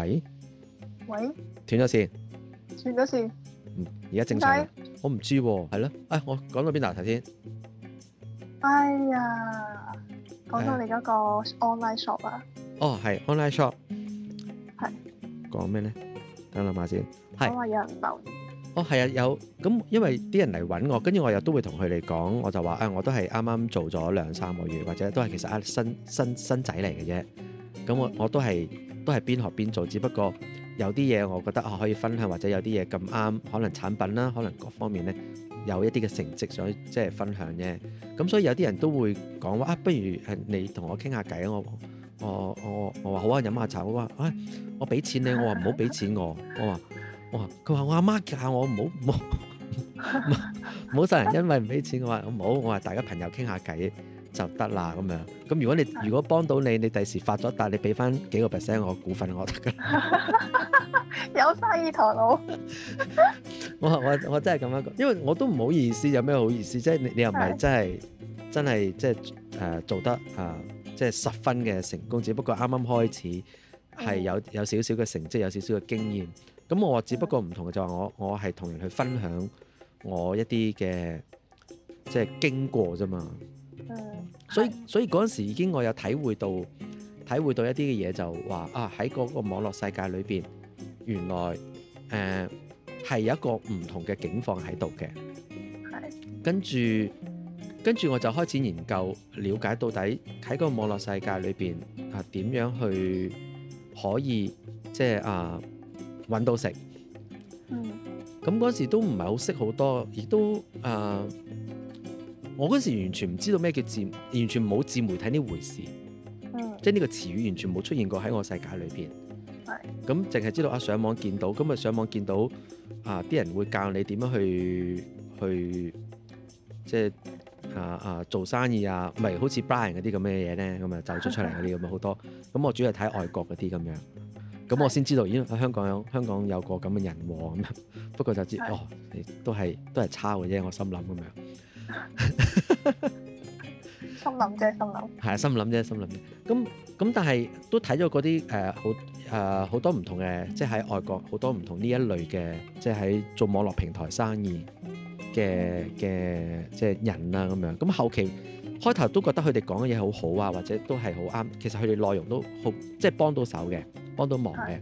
喂，喂，斷咗線，斷咗線，嗯，而家正常，我唔知喎，係咯，哎，我講到邊度頭先？哎呀，講到你嗰個 online shop 啊，哦，係 online shop，係，講咩咧？等諗下先，係，我話有人留言，哦，係啊，有，咁因為啲人嚟搵我，跟住我又都會同佢哋講，我就話，哎，我都係啱啱做咗兩三個月，或者都係其實啊新新新仔嚟嘅啫，咁我我都係。都係邊學邊做，只不過有啲嘢我覺得啊可以分享，或者有啲嘢咁啱，可能產品啦，可能各方面呢，有一啲嘅成績想即係分享啫。咁所以有啲人都會講話啊，不如誒你同我傾下偈啊！我我我我話好啊，飲下酒。」我話啊，哎，我俾錢你，我話唔好俾錢我。我話我話，佢話我阿媽教我唔好唔好唔好受人因為唔俾錢。我話唔好，我話大家朋友傾下偈。就得啦咁樣，咁如果你如果幫到你，你第時發咗達，但你俾翻幾個 percent 我股份我得㗎喇。 有生意頭腦。我我我真係咁樣講，因為我都唔好意思，有咩好意思？即係你你又唔係真係真係即係誒做得誒即係十分嘅成功，只不過啱啱開始係有有少少嘅成績，有少少嘅經驗。咁我只不過唔同嘅就係我我係同人去分享我一啲嘅即係經過啫嘛。所以所以嗰陣時已經我有體會到，體會到一啲嘅嘢，就話啊喺嗰個網絡世界裏邊，原來誒係有一個唔同嘅境況喺度嘅，係。跟住跟住我就開始研究、了解，到底喺個網絡世界裏邊啊點樣去可以即係啊揾到食。嗯。咁嗰陣時都唔係好識好多，亦都啊。我嗰時完全唔知道咩叫自，完全冇自媒體呢回事，嗯、即係呢個詞語完全冇出現過喺我世界裏邊。係、嗯。咁淨係知道啊，上網見到，咁啊上網見到啊啲人會教你點樣去去，即係啊啊做生意啊，咪好似 Brian 嗰啲咁嘅嘢咧，咁啊走咗出嚟嗰啲咁啊好多。咁、嗯、我主要係睇外國嗰啲咁樣，咁我先知道咦、嗯？香港有香港有個咁嘅人王咁樣，不過就知、嗯、哦，都係都係抄嘅啫，我心諗咁樣。心諗啫，心諗。係啊，心諗啫，心諗。咁咁，但係都睇咗嗰啲誒，好誒，好多唔同嘅，即係喺外國好多唔同呢一類嘅，即係喺做網絡平台生意嘅嘅即係人啊咁樣。咁後期開頭都覺得佢哋講嘅嘢好好啊，或者都係好啱。其實佢哋內容都好，即係幫到手嘅，幫到忙嘅。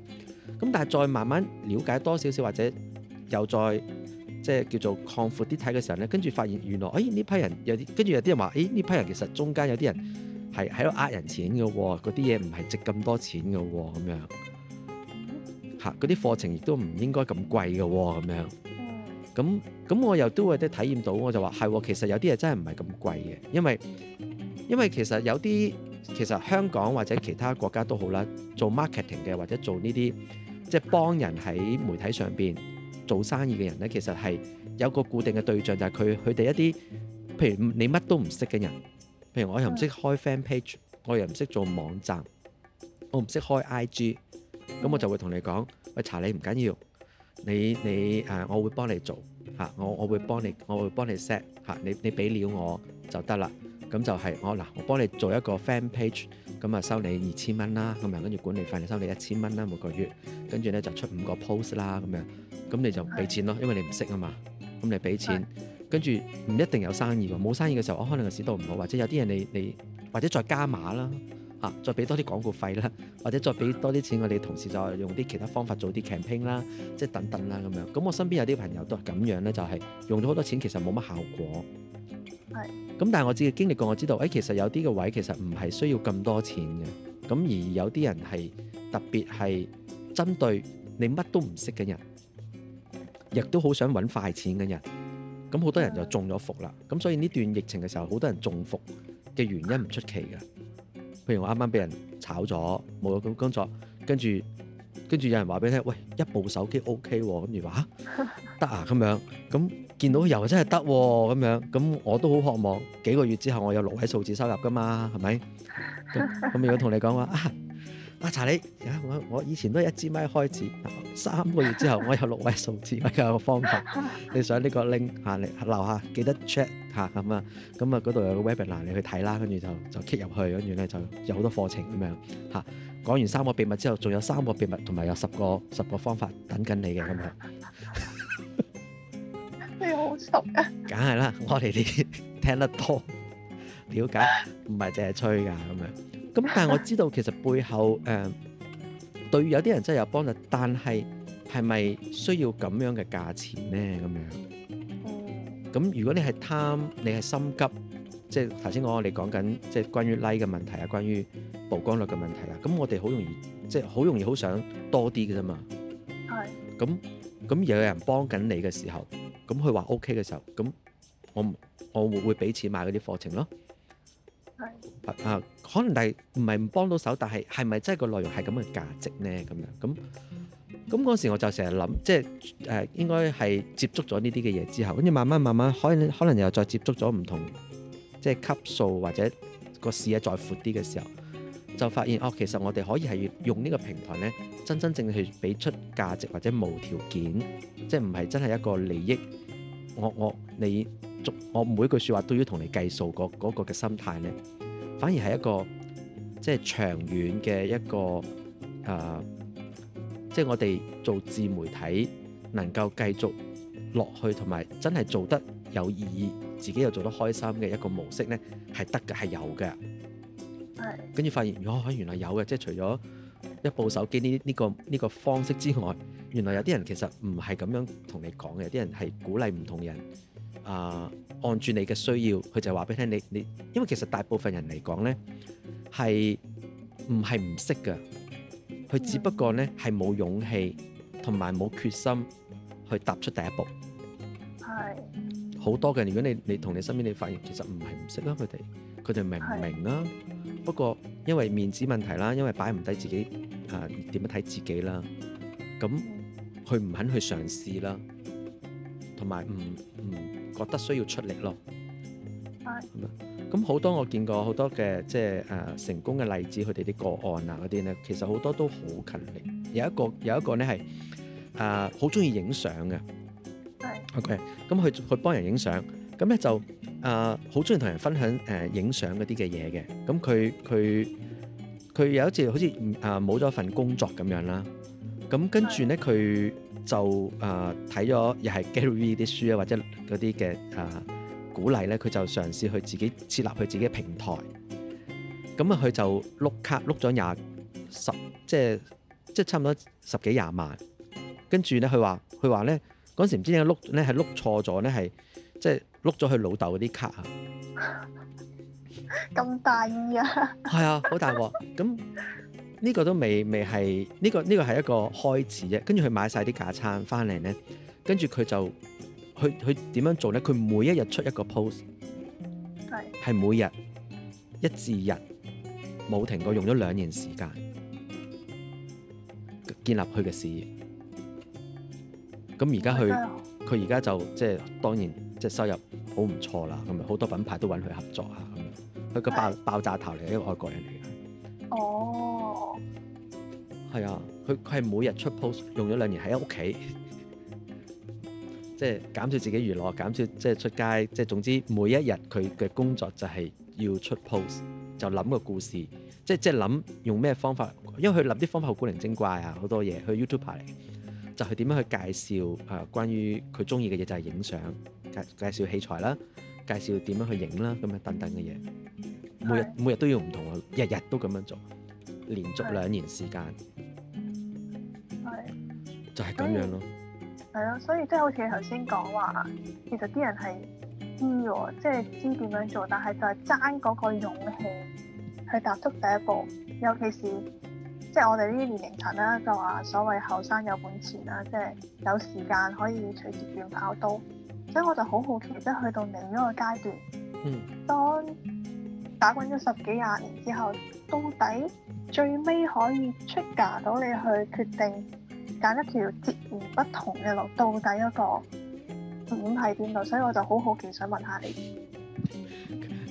咁但係再慢慢了解多少少，或者又再。即係叫做擴闊啲睇嘅時候咧，跟住發現原來，哎呢批人有啲，跟住有啲人話，哎呢批人其實中間有啲人係喺度呃人錢嘅喎，嗰啲嘢唔係值咁多錢嘅喎，咁樣吓，嗰啲課程亦都唔應該咁貴嘅喎，咁樣，咁咁我又都會體驗到，我就話係、哎，其實有啲嘢真係唔係咁貴嘅，因為因為其實有啲其實香港或者其他國家都好啦，做 marketing 嘅或者做呢啲即係幫人喺媒體上邊，做生意嘅人呢，其實係有個固定嘅對象，就係佢佢哋一啲，譬如你乜都唔識嘅人，譬如我又唔識開 fan page，我又唔識做網站，我唔識開 IG，咁我就會同你講，喂查你唔緊要，你你誒、啊，我會幫你做嚇、啊，我我會幫你，我會幫你 set 嚇、啊，你你俾料我就得啦。咁就係我嗱，我幫你做一個 fan page，咁啊收你二千蚊啦，咁樣跟住管理費你收你一千蚊啦，每個月跟住呢就出五個 post 啦，咁樣。咁你就俾錢咯，因為你唔識啊嘛。咁你俾錢，跟住唔一定有生意喎。冇生意嘅時候，我、哦、可能個市道唔好，或者有啲人你你或者再加碼啦吓，再俾多啲廣告費啦，或者再俾多啲錢，我哋同事就用啲其他方法做啲 campaign 啦、啊，即係等等啦咁樣。咁我身邊有啲朋友都係咁樣呢，就係、是、用咗好多錢，其實冇乜效果係。咁但係我自己經歷過，我知道誒、哎，其實有啲嘅位其實唔係需要咁多錢嘅。咁而有啲人係特別係針對你乜都唔識嘅人。亦都好想揾快錢嘅人，咁好多人就中咗伏啦。咁所以呢段疫情嘅時候，好多人中伏嘅原因唔出奇嘅。譬如我啱啱俾人炒咗，冇咗工工作，跟住跟住有人話俾你聽，喂，一部手機 OK 喎，啊，跟住話得啊咁，啊，樣，咁見到又真係得喎咁樣，咁我都好渴望幾個月之後我有六位數字收入噶嘛，係咪？咁如果同你講話啊？阿、啊、查理，我我以前都一支咪開始，三個月之後我有六位數字，咪 有個方法。你想呢個拎嚇嚟留下，記得 check 嚇咁啊，咁啊嗰度有個 webinar 你去睇啦，跟住就就 keep 入去，跟住咧就有好多課程咁樣嚇。講完三個秘密之後，仲有三個秘密，同埋有十個十個方法等緊你嘅咁樣。你好熟啊！梗係啦，我哋啲聽得多，了解唔係淨係吹㗎咁樣。咁但係我知道其實背後誒、 呃、對有啲人真係有幫助，但係係咪需要咁樣嘅價錢咧？咁樣，咁、嗯、如果你係貪，你係心急，即係頭先我哋講緊即係關於 like 嘅問題啊，關於曝光率嘅問題啊，咁我哋好容易即係好容易好想多啲嘅啫嘛，係、嗯，咁咁有人幫緊你嘅時候，咁佢話 OK 嘅時候，咁我我會會俾錢買嗰啲課程咯。啊，啊，可能但係唔係唔幫到手，但係係咪真係個內容係咁嘅價值呢？咁樣咁咁嗰時我就成日諗，即係誒、呃、應該係接觸咗呢啲嘅嘢之後，跟住慢慢慢慢可，可能可能又再接觸咗唔同即係級數或者個視野再闊啲嘅時候，就發現，哦，其實我哋可以係用呢個平台呢，真真正正去俾出價值或者無條件，即係唔係真係一個利益，我我你。我每句説話都要同你計數，嗰個嗰個嘅心態呢，反而係一個即係長遠嘅一個誒、呃，即係我哋做自媒體能夠繼續落去，同埋真係做得有意義，自己又做得開心嘅一個模式呢，係得嘅，係有嘅。係。跟住發現，哦，原來有嘅，即係除咗一部手機呢呢個呢、呢個方式之外，原來有啲人其實唔係咁樣同你講嘅，有啲人係鼓勵唔同人。啊！按住你嘅需要，佢就話俾你聽。你你，因為其實大部分人嚟講呢，係唔係唔識㗎？佢只不過呢係冇勇氣同埋冇決心去踏出第一步。係好多嘅。如果你你同你身邊你發現，其實唔係唔識啦，佢哋佢哋明唔明啦？不過因為面子問題啦，因為擺唔低自己啊，點樣睇自己啦？咁佢唔肯去嘗試啦，同埋唔唔。覺得需要出力咯。咁好多我見過好多嘅即係誒成功嘅例子，佢哋啲個案啊，嗰啲咧，其實好多都好勤力。有一個有一個咧係誒好中意影相嘅。O.K. 咁佢佢幫人影相，咁咧就誒好中意同人分享誒影相嗰啲嘅嘢嘅。咁佢佢佢有一次好似誒冇咗份工作咁樣啦。咁跟住咧佢。就誒睇咗又係 Gary V 啲書啊，或者嗰啲嘅誒鼓勵咧，佢就嘗試去自己設立佢自己嘅平台。咁啊，佢就碌卡碌咗廿十，即係即係差唔多十幾廿萬。跟住咧，佢話佢話咧嗰時唔知點解碌咧，係碌錯咗咧，係即係碌咗佢老豆嗰啲卡啊， 啊。咁大意啊！係啊，好大鑊咁。呢個都未未係，呢個呢個係一個開始啫。跟住佢買晒啲架撐翻嚟咧，跟住佢就佢佢點樣做咧？佢每一日出一個 post，係每日一至日冇停過，用咗兩年時間建立佢嘅事業。咁而家佢佢而家就即係當然即係收入好唔錯啦。咁好多品牌都揾佢合作啊。咁樣佢個爆爆炸頭嚟，一個外國人嚟嘅。哦。係啊，佢佢係每日出 post，用咗兩年喺屋企，即係減少自己娛樂，減少即係出街，即係總之每一日佢嘅工作就係要出 post，就諗個故事，即係即係諗用咩方法，因為佢諗啲方法好古靈精怪啊，好多嘢去 YouTube 拍嚟，就係點樣去介紹啊，關於佢中意嘅嘢就係影相，介介紹器材啦，介紹點樣去影啦咁樣等等嘅嘢，每日每日都要唔同，日日都咁樣做。連續兩年時間，係就係、是、咁樣咯。係咯，所以即係好似你頭先講話，其實啲人係知即係、就是、知點樣做，但係就係爭嗰個勇氣去踏足第一步。尤其是即係、就是、我哋呢啲年齡層啦，就話所謂後生有本錢啦，即、就、係、是、有時間可以隨時轉跑道。所以我就好好奇，即係去到你呢個階段，嗯、當打滾咗十幾廿年之後，到底？最尾可以出格到你去決定揀一條截然不同嘅路，到底嗰個點係邊度？所以我就好好奇想問下你。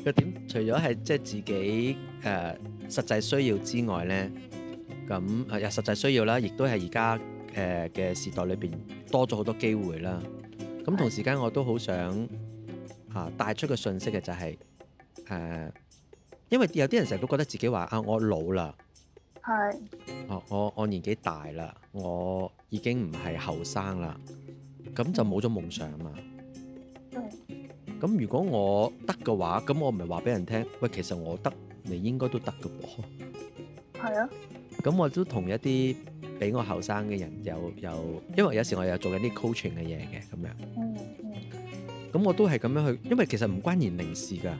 個點？除咗係即係自己誒、呃、實際需要之外咧，咁誒又實際需要啦，亦都係而家誒嘅時代裏邊多咗好多機會啦。咁同時間我都好想嚇帶出一個訊息嘅就係、是、誒、呃，因為有啲人成日都覺得自己話啊，我老啦。係。哦，我我年紀大啦，我已經唔係後生啦，咁就冇咗夢想嘛。嗯。咁如果我得嘅話，咁我唔係話俾人聽，喂，其實我得，你應該都得嘅噃。係啊。咁我都同一啲比我後生嘅人有，又又，因為有時我又做緊啲 coaching 嘅嘢嘅，咁樣。咁，嗯，我都係咁樣去，因為其實唔關年齡事㗎。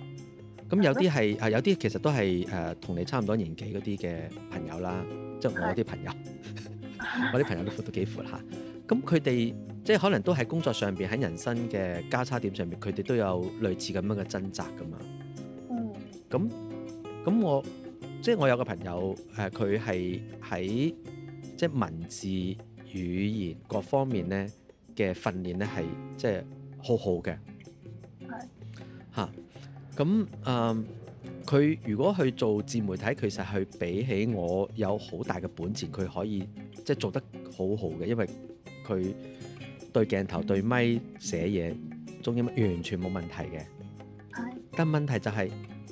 咁有啲係啊，有啲其實都係誒同你差唔多年紀嗰啲嘅朋友啦，即係我啲朋友， 我啲朋友都闊都幾闊嚇。咁佢哋即係可能都喺工作上邊，喺人生嘅交叉點上面，佢哋都有類似咁樣嘅掙扎㗎嘛。嗯。咁咁我即係我有個朋友誒，佢係喺即係文字語言各方面咧嘅訓練咧係即係好好嘅。係、嗯。嚇！咁、嗯、誒，佢如果去做自媒體，其實佢比起我有好大嘅本錢，佢可以即係做得好好嘅，因為佢對鏡頭、對咪寫嘢、中英完全冇問題嘅。但問題就係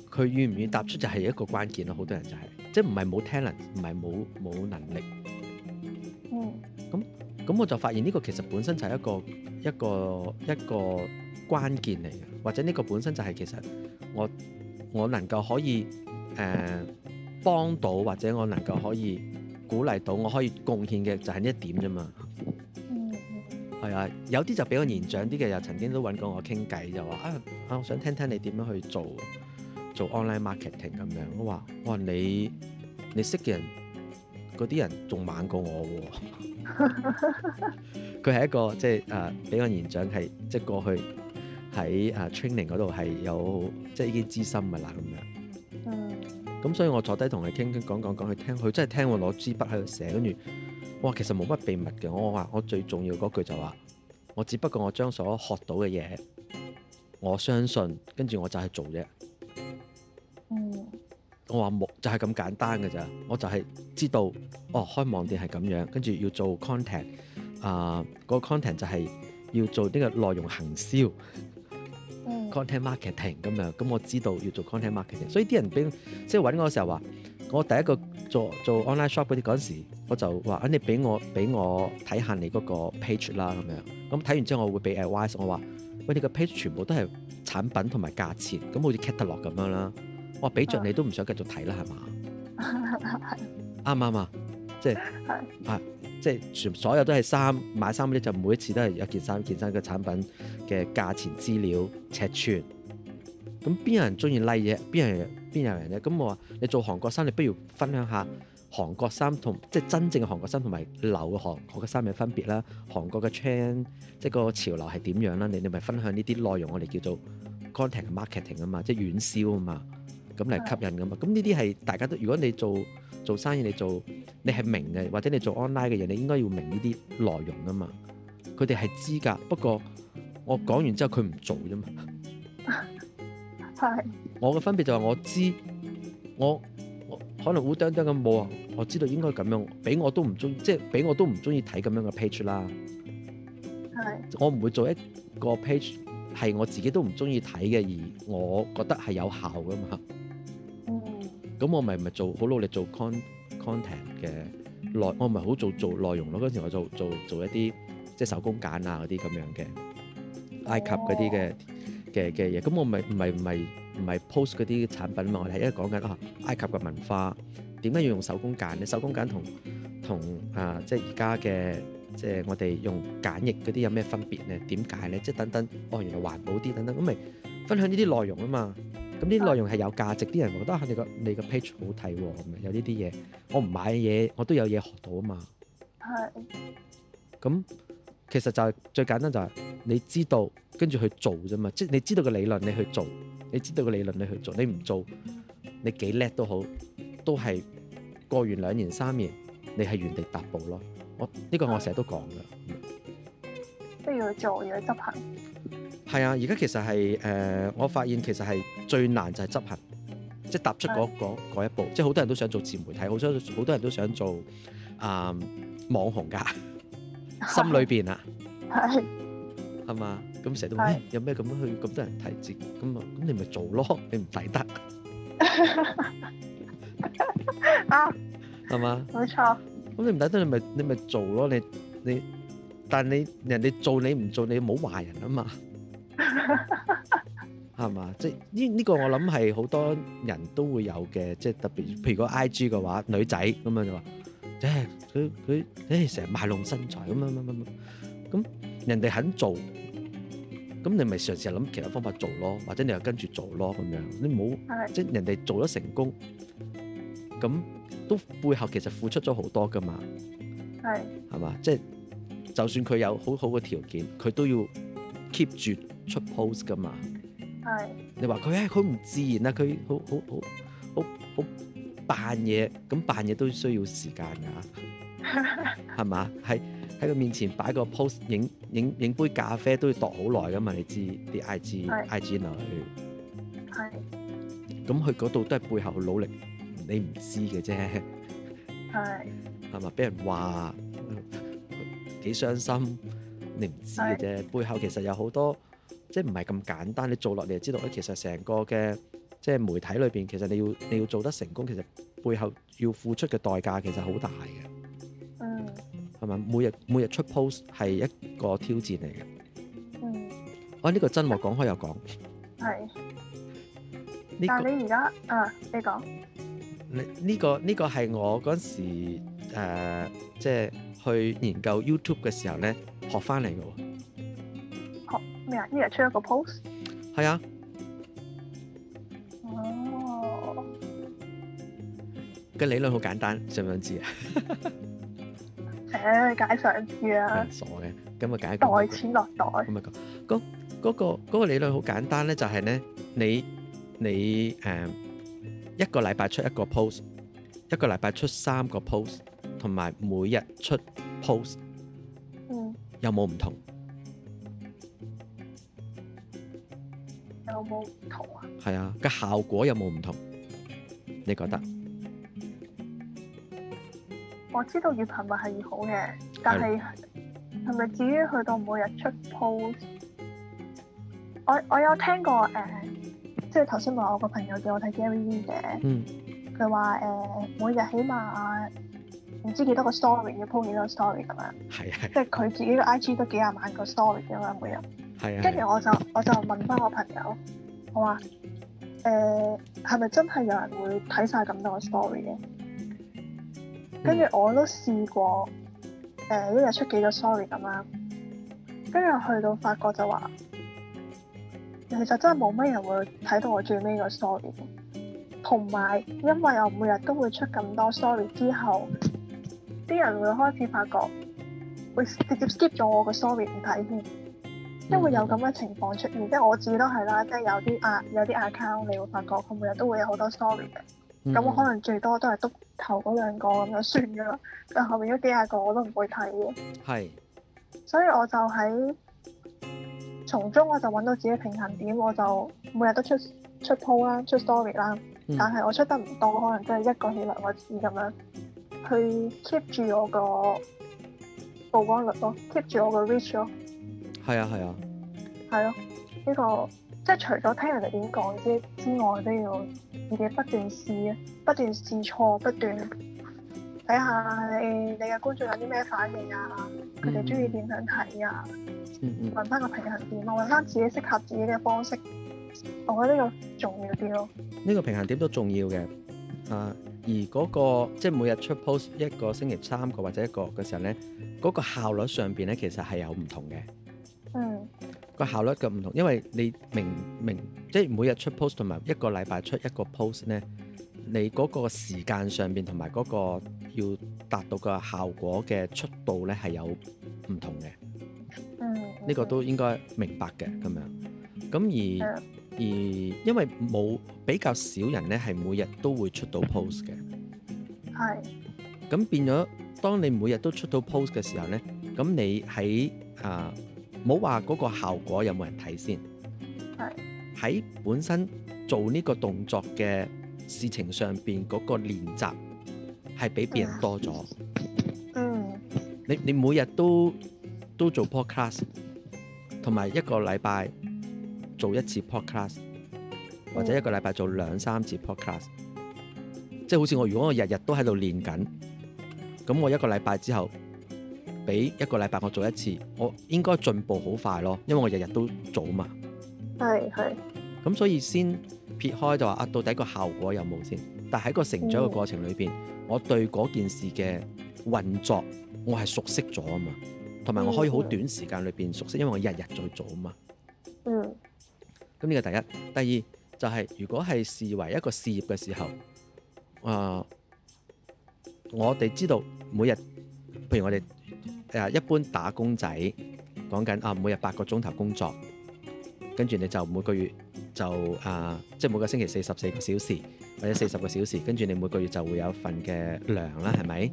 佢願唔願意踏出，就係一個關鍵咯。好多人就係、是、即係唔係冇 talent，唔係冇冇能力。嗯。咁咁，我就發現呢個其實本身就係一個一個一個。一個一個關鍵嚟嘅，或者呢個本身就係其實我我能夠可以誒幫、呃、到，或者我能夠可以鼓勵到，我可以貢獻嘅就係呢一點啫嘛。嗯。係啊，有啲就比我年長啲嘅，又曾經都揾過我傾偈，就話啊啊，我想聽聽你點樣去做做 online marketing 咁樣。我話我話你你識嘅人嗰啲人仲猛過我喎。佢 係一個即係啊比較年長，係即係過去。喺啊 training 嗰度係有即係啲資深啊啦咁樣，咁、嗯、所以我坐低同佢傾傾講講講，佢聽佢真係聽我攞支筆喺度寫，跟住，哇，其實冇乜秘密嘅，我話我最重要嗰句就話，我只不過我將所學到嘅嘢，我相信，跟住我就係做啫，嗯，我話冇就係咁簡單嘅咋。我就係知道，哦，開網店係咁樣，跟住要做 content，啊、呃，嗰、嗰個 content 就係要做呢個內容行銷。content marketing 咁樣，咁我知道要做 content marketing，所以啲人俾即係揾我嘅時候話，我第一個做做 online shop 嗰啲嗰陣時，我就話啊，你俾我俾我睇下你嗰個 page 啦咁樣，咁睇完之後我會俾 advice，我話，喂，你個 page 全部都係產品同埋價錢，咁好似 cat l 得落咁樣啦，我話俾著你都唔想繼續睇啦，係嘛？啱唔啱啊？即係係。 即係全所有都係衫，買衫嗰啲就每一次都係一件衫、一件衫嘅產品嘅價錢、資料、尺寸。咁邊有人中意例嘢？邊有人？邊有人咧？咁我話你做韓國衫，你不如分享下韓國衫同即係真正嘅韓國衫同埋流韓韓國嘅衫嘅分別啦。韓國嘅 trend 即係個潮流係點樣啦？你你咪分享呢啲內容，我哋叫做 contact marketing 嘅嘛，即係軟銷啊嘛，咁嚟吸引噶嘛。咁呢啲係大家都，如果你做。做生意你做，你係明嘅，或者你做 online 嘅人，你應該要明呢啲內容啊嘛。佢哋係知㗎，不過我講完之後佢唔做啫嘛。係 。我嘅分別就係我知，我可能烏燈燈咁冇啊，我知道應該咁樣，俾我都唔中意，即係俾我都唔中意睇咁樣嘅 page 啦。係。 我唔會做一個 page 係我自己都唔中意睇嘅，而我覺得係有效㗎嘛。咁我咪唔咪做好努力做 con content 嘅內我咪好做做內容咯。嗰陣時我做做做一啲即係手工梘啊，嗰啲咁樣嘅埃及嗰啲嘅嘅嘅嘢。咁我咪唔係唔係唔係 post 嗰啲產品啊嘛。我哋係一為講緊啊埃及嘅文化點解要用手工梘咧？手工梘同同啊即係而家嘅即係我哋用梘液嗰啲有咩分別咧？點解咧？即係等等哦，原來環保啲等等咁咪分享呢啲內容啊嘛。咁呢啲內容係有價值，啲人覺得嚇你個你個 page 好睇喎，咁樣有呢啲嘢，我唔買嘢，我都有嘢學到啊嘛。係。咁其實就係最簡單就係你知道跟住去做啫嘛，即係你知道個理論你去做，你知道個理論你去做，你唔做你幾叻都好，都係過完兩年三年你係原地踏步咯。我呢個我成日都講㗎。都要去做，要去執行。係啊，而家其實係誒、呃，我發現其實係最難就係執行，即係踏出嗰一步。即係好多人都想做自媒體，好多好多人都想做啊、呃、網紅㗎，心裏邊啊，係係嘛？咁成日都話有咩咁樣去咁多人提議？咁啊咁你咪做咯，你唔抵得 啊？係嘛？冇錯。咁你唔抵得你咪你咪做咯，你你但係你人哋做你唔做你冇壞人啊嘛？係 嘛？即呢、呢，這個我諗係好多人都會有嘅，即特別譬如個 I G 嘅話，女仔咁樣就話，即佢佢誒成日賣弄身材咁樣乜乜乜咁，人哋肯做，咁你咪嘗試諗其他方法做咯，或者你又跟住做咯咁樣，你唔好，即人哋做咗成功，咁都背後其實付出咗好多噶嘛，係係嘛？即就算佢有好好嘅條件，佢都要。keep 住出 post 噶嘛？係。你話佢誒，佢唔自然啦。佢好好好好好扮嘢，咁扮嘢都需要時間㗎。係 嘛？喺喺佢面前擺個 pose，影影影杯咖啡都要度好耐㗎嘛？你知啲 IG IG 女。係。咁佢嗰度都係背後努力，你唔知嘅啫。係。係嘛？俾人話幾傷心。你唔知嘅啫，背後其實有好多即係唔係咁簡單。你做落你就知道，其實成個嘅即係媒體裏邊，其實你要你要做得成功，其實背後要付出嘅代價其實好大嘅。嗯。係咪？每日每日出 post 係一個挑戰嚟嘅。嗯。哦，呢、呢個真喎，講開又講。係、呢個。但你而家，嗯、啊，你講。你、呢、呢個呢、呢個係、呢個、我嗰陣時誒、呃，即係。去研究 YouTube 嘅時候咧，學翻嚟嘅。學咩啊？一日出一個 post？係啊。哦。個理論好簡單，想唔想知啊？請你解上一次啊。傻嘅，咁咪解袋錢落袋。咁咪講嗰嗰個嗰個理論好簡單咧，就係咧，你你誒一個禮拜出一個 post，一個禮拜出三個 post。同埋每日出 post、嗯、有冇唔同？有冇唔同啊？係啊，個效果有冇唔同？你覺得？嗯、我知道越頻密係越好嘅，但係係咪至於去到每日出 post？我我有聽過誒，即係頭先話我個朋友叫我睇 Gary 嘅，佢話誒每日起碼。唔知幾多個 story 要鋪幾多個 story 咁樣，係 即係佢自己個 I G 都幾廿萬個 story 咁樣每日，係啊。跟住我就我就問翻我朋友，我話誒係咪真係有人會睇晒咁多個 story 嘅？跟住我都試過誒、呃，一日出幾個 story 咁啦。跟住去到發覺就話，其實真係冇乜人會睇到我最尾個 story。同埋因為我每日都會出咁多 story 之後。啲人會開始發覺會直接 skip 咗我個 story 唔睇添，因為有咁嘅情況出現。嗯、即係我自己都係啦，即係有啲啊有啲 account，你會發覺佢每日都會有好多 story 嘅。咁、嗯、我可能最多都係督頭嗰兩個咁就算咗啦，但後面嗰幾下個我都唔會睇嘅。係，所以我就喺從中我就揾到自己的平衡點，我就每日都出出 po 啦，出 story 啦，嗯、但係我出得唔多，可能真係一個起兩個字咁樣。去 keep 住我個曝光率咯，keep 住我個 reach 咯。係啊，係啊。係咯、啊，呢、呢個即係除咗聽人哋點講之之外，都要自己不斷試啊，不斷試錯，不斷睇下你你嘅觀眾有啲咩反應啊，佢哋中意點樣睇啊，揾翻個平衡點啊，揾翻自己適合自己嘅方式，我覺得呢個重要啲咯。呢、呢個平衡點都重要嘅，啊。而嗰、那個即係每日出 post 一個星期三個或者一個嘅時候呢嗰、那個效率上邊呢，其實係有唔同嘅。嗯。個效率嘅唔同，因為你明明即係每日出 post 同埋一個禮拜出一個 post 呢，你嗰個時間上邊同埋嗰個要達到個效果嘅速度呢，係有唔同嘅。嗯。呢、嗯這個都應該明白嘅咁、嗯、樣。咁而。嗯而因為冇比較少人咧，係每日都會出到 post 嘅，係。咁變咗，當你每日都出到 post 嘅時候咧，咁你喺啊冇話嗰個效果有冇人睇先，係。喺本身做呢個動作嘅事情上邊嗰個練習係比別人多咗，嗯，嗯。你你每日都都做 podcast，同埋一個禮拜。做一次 podcast，或者一個禮拜做兩三次 podcast，嗯、即係好似我如果我日日都喺度練緊，咁我一個禮拜之後比一個禮拜我做一次，我應該進步好快咯，因為我日日都做嘛。係、嗯、係。咁所以先撇開就話啊，到底個效果有冇先？但係喺個成長嘅過程裏邊、嗯，我對嗰件事嘅運作，我係熟悉咗啊嘛，同埋我可以好短時間裏邊熟悉，因為我日日在做啊嘛。嗯。咁呢個第一，第二就係如果係視為一個事業嘅時候，啊，我哋知道每日，譬如我哋誒一般打工仔講緊啊，每日八個鐘頭工作，跟住你就每個月就啊，即係每個星期四十四個小時或者四十個小時，跟住你每個月就會有份嘅糧啦，係咪？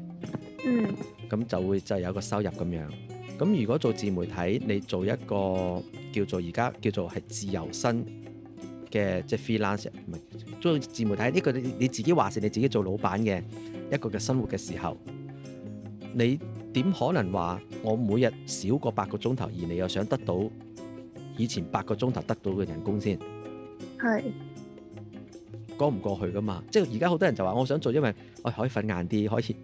嗯。咁就會就有一個收入咁樣。咁如果做自媒體，你做一個叫做而家叫做係自由身嘅即係 freelance，唔係做自媒體呢、這個你你自己話是你自己做老闆嘅一個嘅生活嘅時候，你點可能話我每日少過八個鐘頭，而你又想得到以前八個鐘頭得到嘅人工先？係講唔過去㗎嘛！即係而家好多人就話我想做，因為。可以瞓晏啲，可以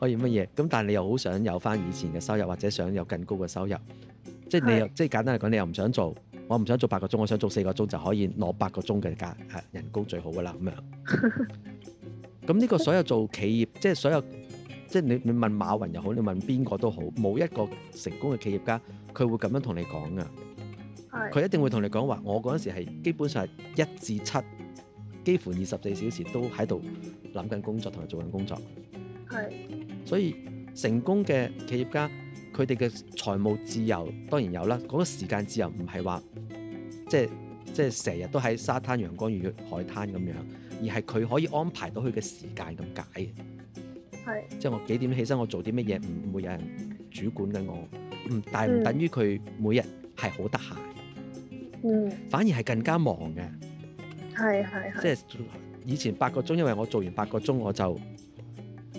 可以乜嘢？咁但係你又好想有返以前嘅收入，或者想有更高嘅收入，即係你又即係簡單嚟講，你又唔想做，我唔想做八個鐘，我想做四個鐘就可以攞八個鐘嘅價，人工最好噶啦咁樣。咁 呢個所有做企業，即係所有即係你你問馬雲又好，你問邊個都好，冇一個成功嘅企業家，佢會咁樣同你講噶。佢一定會同你講話，我嗰陣時係基本上係一至七。幾乎二十四小時都喺度諗緊工作同埋做緊工作。係。所以成功嘅企業家，佢哋嘅財務自由當然有啦。嗰個時間自由唔係話即係即係成日都喺沙灘陽光與海灘咁樣，而係佢可以安排到佢嘅時間咁解。係。即係我幾點起身，我做啲乜嘢唔會有人主管緊我。嗯。但係唔等於佢每日係好得閒。嗯。反而係更加忙嘅。係係係。即係以前八個鐘，因為我做完八個鐘，我就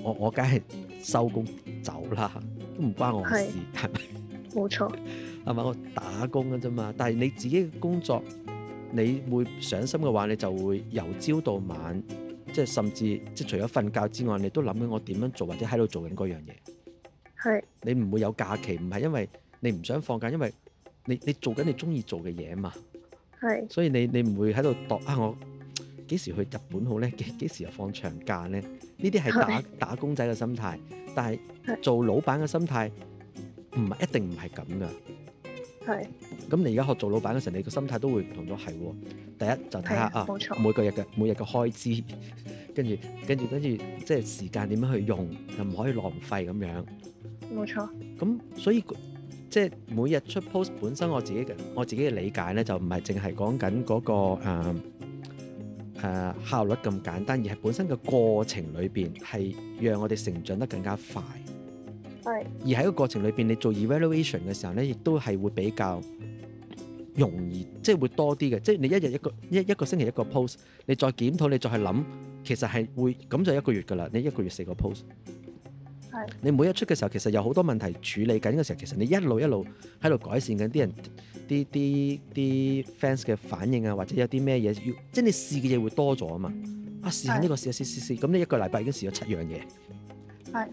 我我梗係收工走啦，都唔關我事，係咪？冇錯。係咪我打工嘅啫嘛？但係你自己嘅工作，你會上心嘅話，你就會由朝到晚，即係甚至即係除咗瞓覺之外，你都諗緊我點樣做，或者喺度做緊嗰樣嘢。係。你唔會有假期，唔係因為你唔想放假，因為你你做緊你中意做嘅嘢嘛。係，所以你你唔會喺度度啊！我幾時去日本好咧？幾幾時又放長假咧？呢啲係打打工仔嘅心態，但係做老闆嘅心態唔係一定唔係咁噶。係。咁你而家學做老闆嘅時候，你個心態都會唔同咗。係喎，第一就睇下啊，每個月嘅每日嘅開支， 跟住跟住跟住即係時間點樣去用，又唔可以浪費咁樣。冇錯。咁所以。即係每日出 post 本身我自己嘅我自己嘅理解呢，就唔係淨係講緊嗰個誒、呃呃、效率咁簡單，而係本身嘅過程裏邊係讓我哋成長得更加快。Right. 而喺個過程裏邊，你做 evaluation 嘅時候呢，亦都係會比較容易，即係會多啲嘅。即係你一日一個一一個星期一個 post，你再檢討，你再去諗，其實係會咁就一個月㗎啦。你一個月四個 post。你每一出嘅時候，其實有好多問題處理緊嘅時候，其實你一路一路喺度改善緊啲人，啲啲啲 fans 嘅反應啊，或者有啲咩嘢要，即係你試嘅嘢會多咗啊嘛，啊試下呢個，試下試試試，咁你一個禮拜已經試咗七樣嘢，係，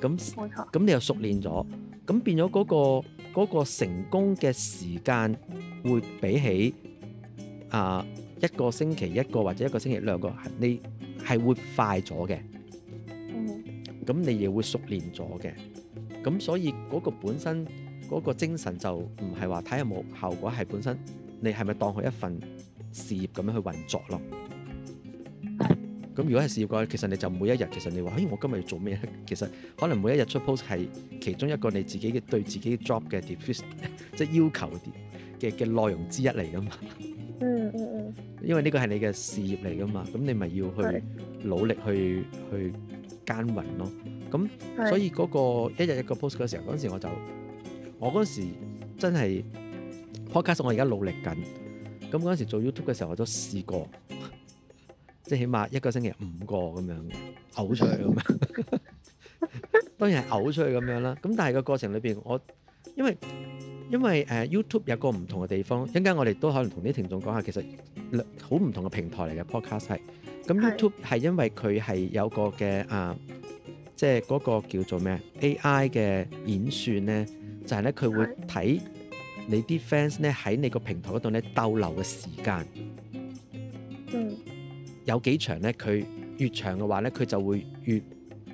咁冇錯，咁你又熟練咗，咁變咗嗰個嗰個成功嘅時間會比起啊、呃、一個星期一個或者一個星期兩個，你係會快咗嘅。咁你亦會熟練咗嘅，咁所以嗰個本身嗰個精神就唔係話睇下冇效果，係本身你係咪當佢一份事業咁樣去運作咯？咁如果係事業嘅話，其實你就每一日其實你話，哎，我今日要做咩？其實可能每一日出 post 係其中一個你自己嘅對自己 job 嘅 diffuse，即係要求嘅嘅內容之一嚟噶嘛。嗯嗯嗯。因為呢個係你嘅事業嚟噶嘛，咁你咪要去努力去去。奸雲咯，咁所以嗰、那個一日一個 post 嘅時候，嗰陣時我就，我嗰陣時真係 p o 我而家努力緊。咁嗰陣時做 YouTube 嘅時候，我都試過，即係起碼一個星期五個咁樣嘅，嘔出嚟咁樣。樣 當然係嘔出去咁樣啦。咁但係個過程裏邊，我因為。因為誒 YouTube 有個唔同嘅地方，一陣間我哋都可能同啲聽眾講下，其實好唔同嘅平台嚟嘅 Podcast 係，咁 YouTube 係因為佢係有個嘅啊、呃，即係嗰個叫做咩 AI 嘅演算咧，就係咧佢會睇你啲 fans 咧喺你個平台嗰度咧逗留嘅時間，嗯，有幾長咧？佢越長嘅話咧，佢就會越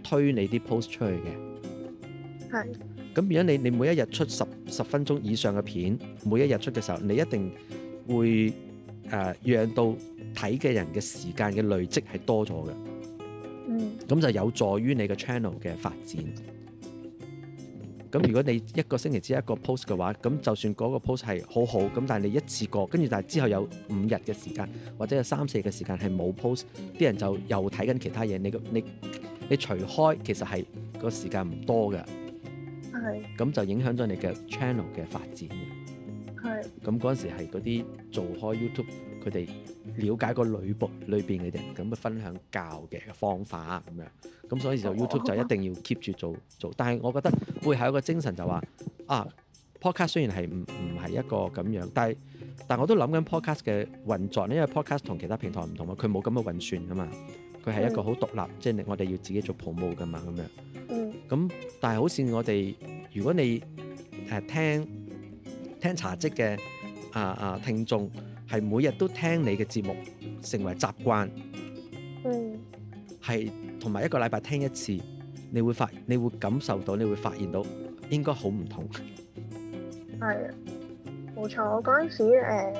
推你啲 post 出去嘅，係。咁變咗你，你每一日出十十分鐘以上嘅片，每一日出嘅時候，你一定會誒、呃、讓到睇嘅人嘅時間嘅累積係多咗嘅。嗯。咁就有助於你嘅 channel 嘅發展。咁如果你一個星期只一個 post 嘅話，咁就算嗰個 post 係好好，咁但係你一次過，跟住但係之後有五日嘅時間，或者有三四嘅時間係冇 post，啲人就又睇緊其他嘢，你你你除開其實係個時間唔多嘅。咁就影響咗你嘅 channel 嘅發展。係。咁嗰陣時係嗰啲做開 YouTube，佢哋了解個裏部裏邊嘅人，咁去分享教嘅方法咁樣。咁所以就 YouTube 就一定要 keep 住做做。但係我覺得背後一個精神就話 啊，Podcast 雖然係唔唔係一個咁樣，但係但我都諗緊 Podcast 嘅運作，因為 Podcast 同其他平台唔同啊，佢冇咁嘅運算啊嘛，佢係一個好獨立，即、嗯、係、就是、我哋要自己做 promo 噶嘛，咁樣的。嗯咁，但係好似我哋，如果你誒、啊、聽聽茶職嘅啊啊聽眾，係每日都聽你嘅節目，成為習慣，嗯，係同埋一個禮拜聽一次，你會發，你會感受到，你會發現到應該好唔同的。係啊，冇錯。我嗰陣時、呃、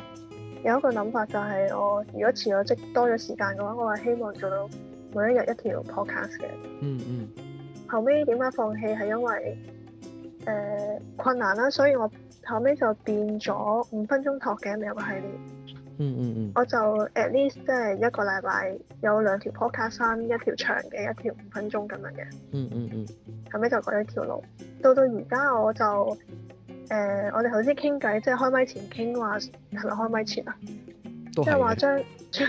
有一個諗法就，就係我如果辭咗職多咗時間嘅話，我係希望做到每一日一條 podcast 嘅。嗯嗯。後尾點解放棄係因為誒、呃、困難啦，所以我後尾就變咗五分鐘托嘅另一個系列。嗯嗯嗯。我就 at least 即係一個禮拜有兩條 podcast，生一條長嘅，一條五分鐘咁樣嘅。嗯嗯嗯。後尾就改咗條路，到到而家我就誒、呃，我哋頭先傾偈，即係開麥前傾話係咪開麥前啊？即係話將將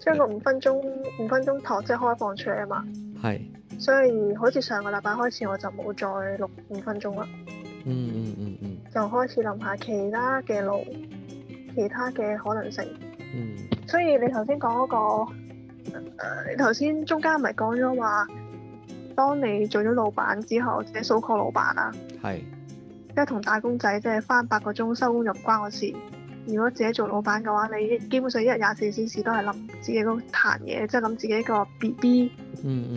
將個五分鐘五分鐘托即係開放出嚟啊嘛。係。所以好似上個禮拜開始我就冇再錄五分鐘啦。嗯嗯嗯嗯。又、嗯嗯、開始諗下其他嘅路，其他嘅可能性。嗯。所以你頭先講嗰個，呃、你頭先中間唔係講咗話，當你做咗老闆之後，自己數控老闆啦、啊。係。即係同打工仔即係返八個鐘收工又唔關我事。如果自己做老闆嘅話，你基本上一日廿四小時都係諗自己嗰壇嘢，即係諗自己個 B B，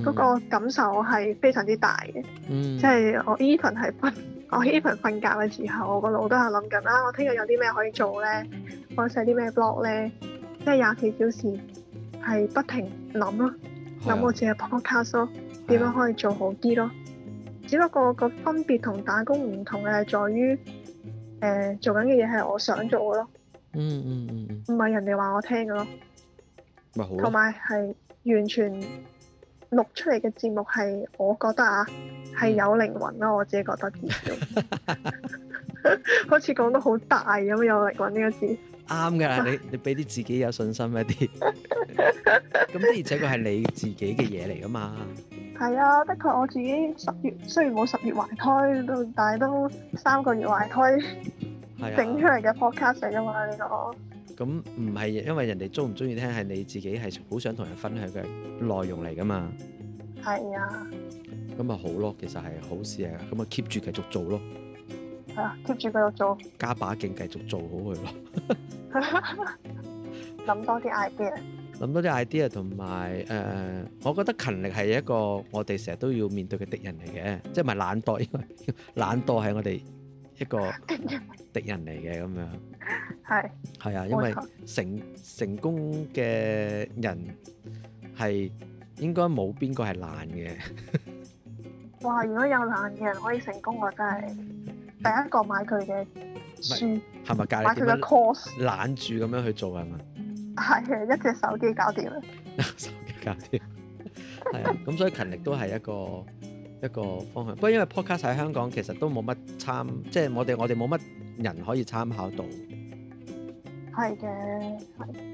嗰個感受係非常之大嘅。即、嗯、係、就是、我 Even 係瞓，我 Even 瞓覺嘅時候，我個腦都係諗緊啦。我聽日有啲咩可以做咧？我寫啲咩 blog 咧？即係廿四小時係不停諗咯，諗我自己 podcast 點樣可以做好啲咯。只不過、那個分別同打工唔同嘅係在於，誒、呃、做緊嘅嘢係我想做嘅咯。嗯嗯嗯唔係人哋話我聽嘅咯，同埋係完全錄出嚟嘅節目，係我覺得啊，係、嗯、有靈魂咯，我自己覺得自己， 好似講得好大咁，有靈魂呢個字。啱嘅，。 你你俾啲自己有信心一啲，咁 的而且佢係你自己嘅嘢嚟噶嘛。係啊，的確我自己十月雖然我十月懷胎，都但係都三個月懷胎。整、啊、出嚟嘅 podcast 嚟噶嘛呢、這個？咁唔係因為人哋中唔中意聽，係你自己係好想同人分享嘅內容嚟噶嘛？係啊。咁咪好咯，其實係好事啊。咁咪 keep 住繼續做咯。係啊，keep 住繼續做。加把勁，繼續做好佢咯。諗 多啲 idea。諗多啲 idea 同埋誒，我覺得勤力係一個我哋成日都要面對嘅敵人嚟嘅，即係咪係懶惰，因為懶惰係我哋。一個敵人嚟嘅咁樣，係係啊，因為成成功嘅人係應該冇邊個係懶嘅。哇！如果有懶嘅人可以成功，我真係第一個買佢嘅書，係咪？教你嘅 course 懶住咁樣去做係咪？係啊，一隻手機搞掂啦，手機搞掂係啊，咁所以勤力都係一個。一個方向，不過因為 Podcast 喺香港其實都冇乜參，即係我哋我哋冇乜人可以參考到。係嘅，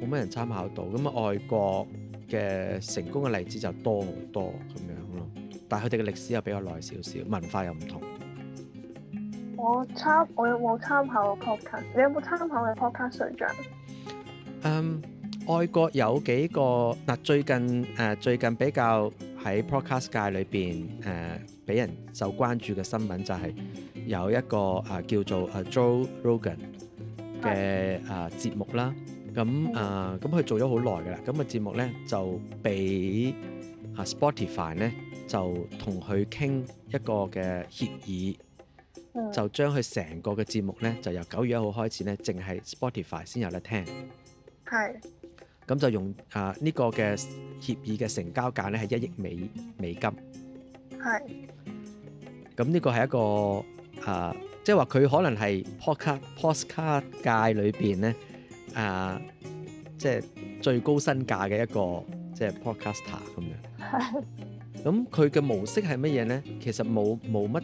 冇乜人參考到。咁外國嘅成功嘅例子就多好多咁樣咯。但係佢哋嘅歷史又比較耐少少，文化又唔同。我參，我有冇參考 Podcast？你有冇參考嘅 Podcast 成長？嗯，外國有幾個嗱？最近誒，最近比較。喺 Podcast 界裏邊，誒、呃、俾人受關注嘅新聞就係有一個啊、呃、叫做啊 Joe Rogan 嘅啊節目啦，咁啊咁佢做咗好耐㗎啦，咁個節目咧就俾啊 Spotify 咧就同佢傾一個嘅協議，哎、就將佢成個嘅節目咧就由九月一號開始咧，淨係 Spotify 先有得聽。係、哎。咁就用啊呢個嘅協議嘅成交價咧，係一億美美金。係。咁呢個係一個啊，即係話佢可能係 podcast postcard 界裏邊咧啊，即係最高身價嘅一個即係 podcaster 咁樣。係。咁佢嘅模式係乜嘢咧？其實冇冇乜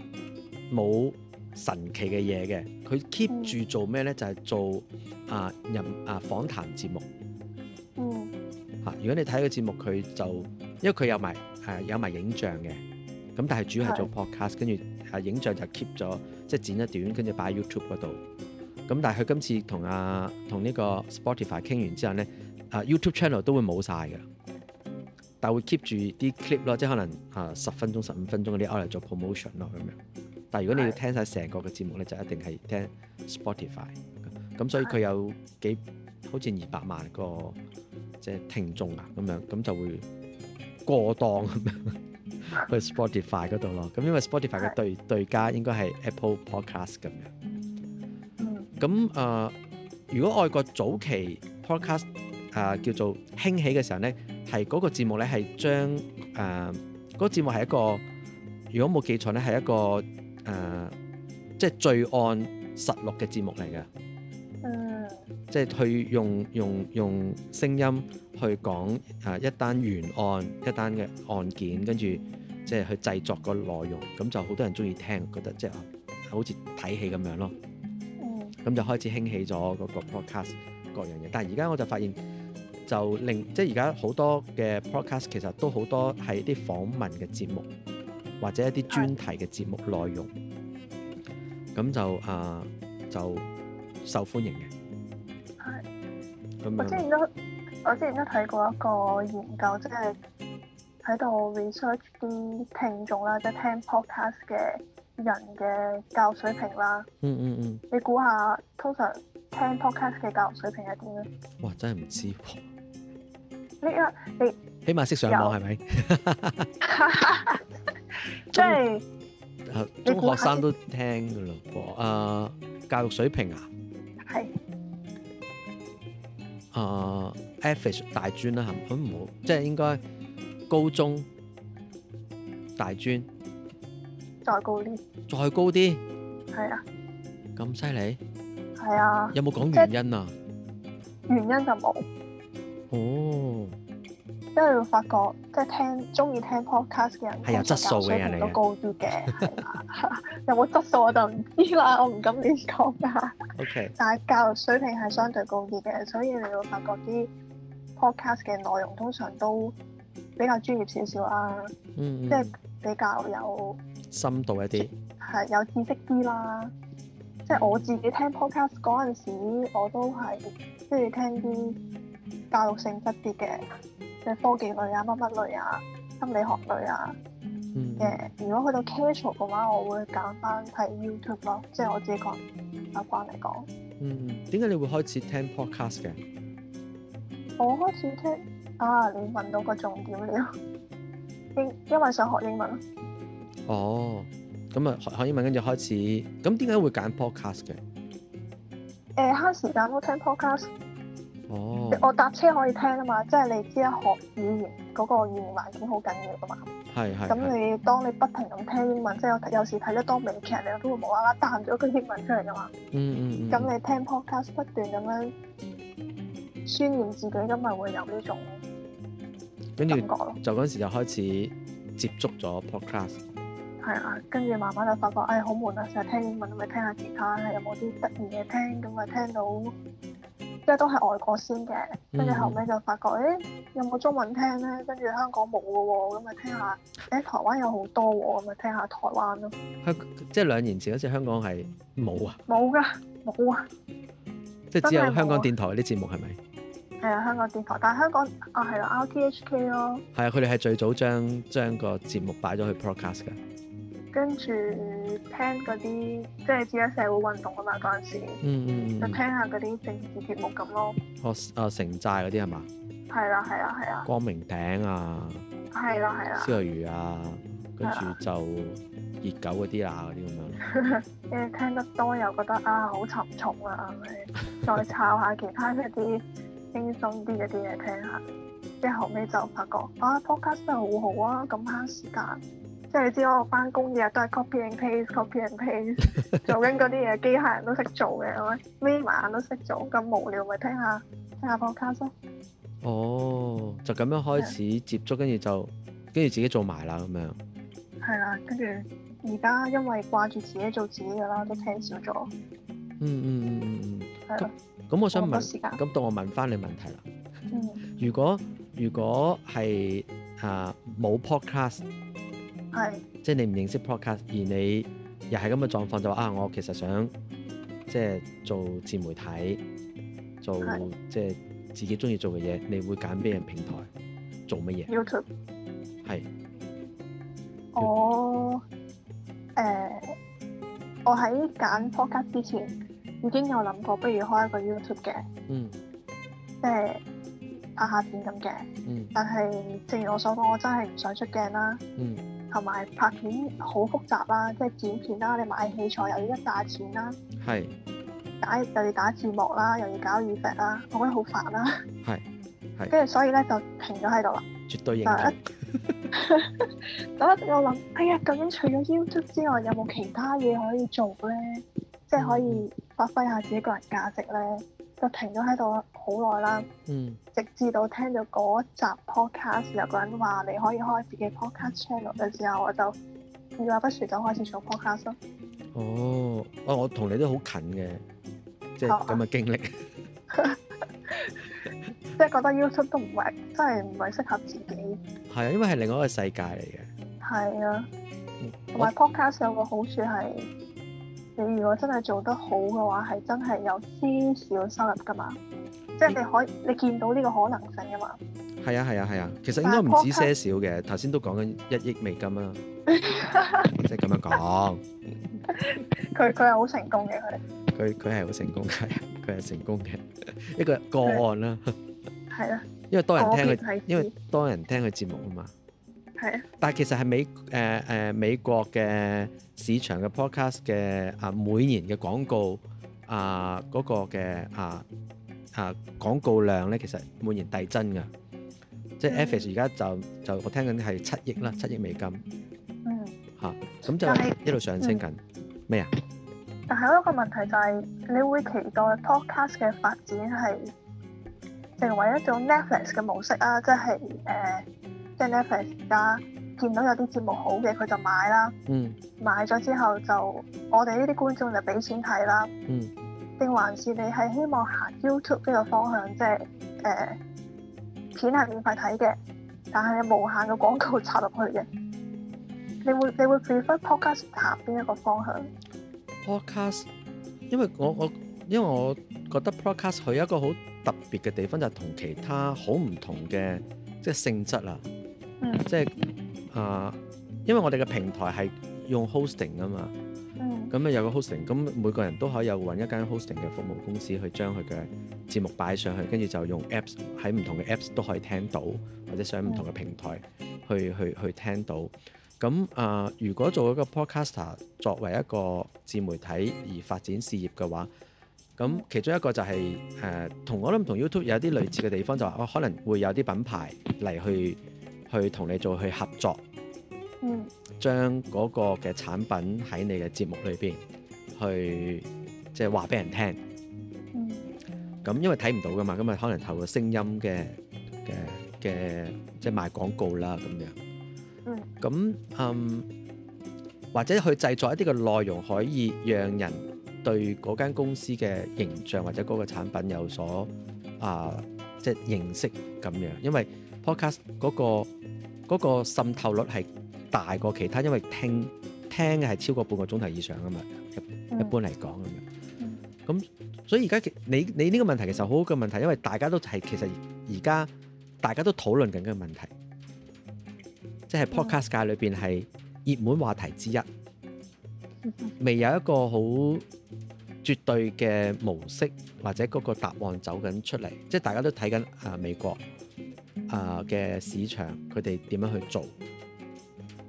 冇神奇嘅嘢嘅。佢 keep 住做咩咧？就係做啊人啊訪談節目。嗯嚇、啊，如果你睇個節目，佢就因為佢有埋誒、啊、有埋影像嘅，咁但係主要係做 podcast，跟住啊影像就 keep 咗，即係剪一段，跟住擺喺 YouTube 嗰度。咁、嗯、但係佢今次同啊同呢個 Spotify 傾完之後咧，啊 YouTube channel 都會冇晒㗎喇，但係會 keep 住啲 clip 咯、啊，即係可能啊十分鐘、十五分鐘嗰啲 out 嚟做 promotion 咯咁樣。但係如果你要聽晒成個嘅節目咧，就一定係聽 Spotify。咁所以佢有幾好似二百萬個。即、係聽眾啊，咁樣咁就會過檔咁樣去 Spotify 嗰度咯。咁因為 Spotify 嘅對對家應該係 Apple Podcast 咁樣。咁誒、呃，如果外國早期 Podcast 誒、呃、叫做興起嘅時候咧，係嗰個節目咧係將誒嗰、呃嗰個節目係一個，如果冇記錯咧係一個誒，即、呃係、罪案實錄嘅節目嚟嘅。即、嗯、係、就是、去用用用聲音去講誒、啊、一單原案一單嘅案件，跟住即係去製作個內容，咁就好多人中意聽，覺得即、就、係、是、好似睇戲咁樣咯。嗯，咁就開始興起咗嗰個 podcast 各樣嘢。但係而家我就發現就令即係而家好多嘅 podcast 其實都好多係啲訪問嘅節目或者一啲專題嘅節目內容，咁就啊就。啊就受歡迎嘅。係。我之前都，我之前都睇過一個研究，即係喺度 research 啲聽眾啦，即係聽 podcast 嘅人嘅教育水平啦。嗯嗯嗯。你估下，通常聽 podcast 嘅教育水平係點咧？哇！真係唔知你，因為你起碼識上網係咪？即係 中，中學生都聽㗎啦噃。啊、呃，教育水平啊？係，啊 F 大專啦，吓，唔好？即、就、係、是、應該高中大專，再高啲，再高啲，係啊，咁犀利，係啊，有冇講原因啊？就是、原因就冇，哦。因為你會發覺，即、就、係、是、聽中意聽 podcast 嘅人係有質素嘅人都高啲嘅。 有冇質素我就唔知啦，我唔敢亂講㗎。Okay. 但係教育水平係相對高啲嘅，所以你會發覺啲 podcast 嘅內容通常都比較專業少少啦，即、嗯、係、嗯就是、比較有深度一啲，係有知識啲啦。即、就、係、是、我自己聽 podcast 嗰陣時，我都係中意聽啲教育性質啲嘅。即科技類啊，乜乜類啊，心理學類啊嘅、yeah，嗯。如果去到 casual 嘅話，我會揀翻睇 YouTube 咯。即、就、係、是、我自己個人習慣嚟講。嗯，點解你會開始聽 podcast 嘅？我開始聽啊！你問到個重點了。咯。因因為想學英文。哦，咁啊，學英文跟住開始。咁點解會揀 podcast 嘅？誒、欸，慳時間都聽 podcast。Oh, 我搭車可以聽啊、那個、嘛，即係你知啦，學語言嗰個語言環境好緊要噶嘛。係係。咁你當你不停咁聽英文，即係有時睇得多美劇，你都會無啦啦彈咗個英文出嚟噶嘛。嗯嗯。咁你聽 podcast 不斷咁樣、嗯、宣言自己，咁咪會有呢種感覺跟住就嗰時就開始接觸咗 podcast。係啊，跟住慢慢就發覺，哎，好悶啊！成日聽英文，咪聽下其他，有冇啲得意嘅聽？咁咪聽，聽，聽到。即係都係外國先嘅，跟住後尾就發覺，誒、嗯、有冇中文聽咧？跟住香港冇嘅喎，咁咪聽下。誒台灣有好多喎，咁咪聽下台灣咯。香即係兩年前好似香港係冇啊。冇㗎，冇啊。即係只有香港電台啲節目係咪？係啊，香港電台，但係香港啊係啦，RTHK 咯。係啊，佢哋係最早將將個節目擺咗去 podcast 㗎。跟住聽嗰啲，即係自家社會運動啊嘛，嗰陣時就聽一下嗰啲政治節目咁咯。哦、嗯嗯嗯嗯，啊，城寨嗰啲係嘛？係啦、啊，係啦、啊，係啦、啊。光明頂啊！係啦、啊，係啦、啊。肖玉啊，跟住就熱狗嗰啲啊嗰啲咁樣。 你聽得多又覺得啊，好沉重啊，係。 再炒下其他一啲輕鬆啲嗰啲嘢聽一下，即係後尾就發覺啊，Podcast 真係好好啊，咁慳時間。即係你知我翻工日日都係 copy and paste，copy and paste， 做緊嗰啲嘢，機械人都識做嘅，咪眯埋眼都識做，咁無聊咪聽下聽下 podcast。哦，就咁樣開始接觸，跟住就跟住自己做埋啦，咁樣。係啦，跟住而家因為掛住自己做自己㗎啦，都聽少咗。嗯嗯嗯嗯嗯，係、嗯、咯。咁、嗯、我想問，咁到我問翻你問題啦。嗯。如果如果係啊冇 podcast？係，即係你唔認識 Podcast，而你又係咁嘅狀況，就話啊，我其實想即係做自媒體，做即係自己中意做嘅嘢，你會揀咩人平台做乜嘢？YouTube 係。哦，誒，我喺揀、呃、Podcast 之前已經有諗過，不如開一個 YouTube 嘅，嗯，即係拍下片咁嘅，嗯，但係正如我所講，我真係唔想出鏡啦，嗯。同埋拍片好複雜啦，即係剪片啦，你買器材又要一大錢啦，係打又要打字幕啦，又要搞語法啦，我覺得好煩啦，係係，跟住所以咧就停咗喺度啦，絕對認、啊。嗱， 我一直我諗，哎呀，究竟除咗 YouTube 之外，有冇其他嘢可以做咧？即係可以發揮下自己個人價值咧？就停咗喺度好耐啦，直至到聽到嗰集 podcast 有個人話你可以開自己 podcast channel 嘅時候，我就二話不說咁開始做 podcast。哦，哦，我同你都好近嘅，即係咁嘅經歷，即、啊、係 覺得 YouTube 都唔係，真係唔係適合自己。係啊，因為係另外一個世界嚟嘅。係啊，同埋 podcast 有個好處係。你如果真係做得好嘅話，係真係有些少收入噶嘛？即係你可以，你見到呢個可能性啊嘛？係啊，係啊，係啊，其實應該唔止些少嘅。頭先都講緊一億美金啊，即係咁樣講。佢，佢係好成功嘅佢。佢佢係好成功嘅，佢係成功嘅一個個案啦、啊。係啦、啊啊。因為多人聽佢，因為多人聽佢節目啊嘛。但係其實係美誒誒、呃呃、美國嘅市場嘅 podcast 嘅啊、呃、每年嘅廣告啊嗰個嘅啊啊廣告量咧其實每年遞增嘅，即係 Netflix 而家就、嗯、就，就我聽緊係七億啦、嗯，七億美金。嗯。嚇、啊，咁就一路上升緊。咩啊？但係有、嗯、一個問題就係、是、你會期待 podcast 嘅發展係成為一種 Netflix 嘅模式啊，即係誒。呃即係 Netflix 而家見到有啲節目好嘅，佢就買啦。嗯，買咗之後就我哋呢啲觀眾就俾錢睇啦。嗯，定還是你係希望行 YouTube 呢個方向，即係誒片係免費睇嘅，但係無限嘅廣告插落去嘅。你會你會 prefer podcast 行邊一個方向？Podcast，因為我我因為我覺得 Podcast 佢有一個好特別嘅地方，就係、是、同其他好唔同嘅即係性質啊。即係啊、呃，因為我哋嘅平台係用 hosting 㗎嘛，咁、嗯、啊有個 hosting，咁每個人都可以有揾一間 hosting 嘅服務公司去將佢嘅節目擺上去，跟住就用 apps 喺唔同嘅 apps 都可以聽到，或者上唔同嘅平台去、嗯、去去，去聽到。咁啊、呃，如果做一個 podcaster 作為一個自媒體而發展事業嘅話，咁其中一個就係誒同我諗同 YouTube 有啲類似嘅地方、就係，就、哦、係可能會有啲品牌嚟去。去同你做去合作，嗯，將嗰個嘅產品喺你嘅節目裏邊，去即係話俾人聽，嗯，咁因為睇唔到噶嘛，咁啊可能透過聲音嘅嘅嘅即係賣廣告啦咁樣，嗯，咁嗯或者去製作一啲嘅內容，可以讓人對嗰間公司嘅形象或者嗰個產品有所啊即係認識咁樣，因為。podcast 嗰個嗰個滲透率係大過其他，因為聽聽嘅係超過半個鐘頭以上啊嘛，一一般嚟講咁樣。咁、嗯嗯、所以而家你你呢個問題其實好好嘅問題，因為大家都係其實而家大家都討論緊嘅問題，即係 podcast 界裏邊係熱門話題之一，未有一個好絕對嘅模式或者嗰個答案走緊出嚟，即係大家都睇緊啊美國。啊、uh, 嘅市場，佢哋點樣去做？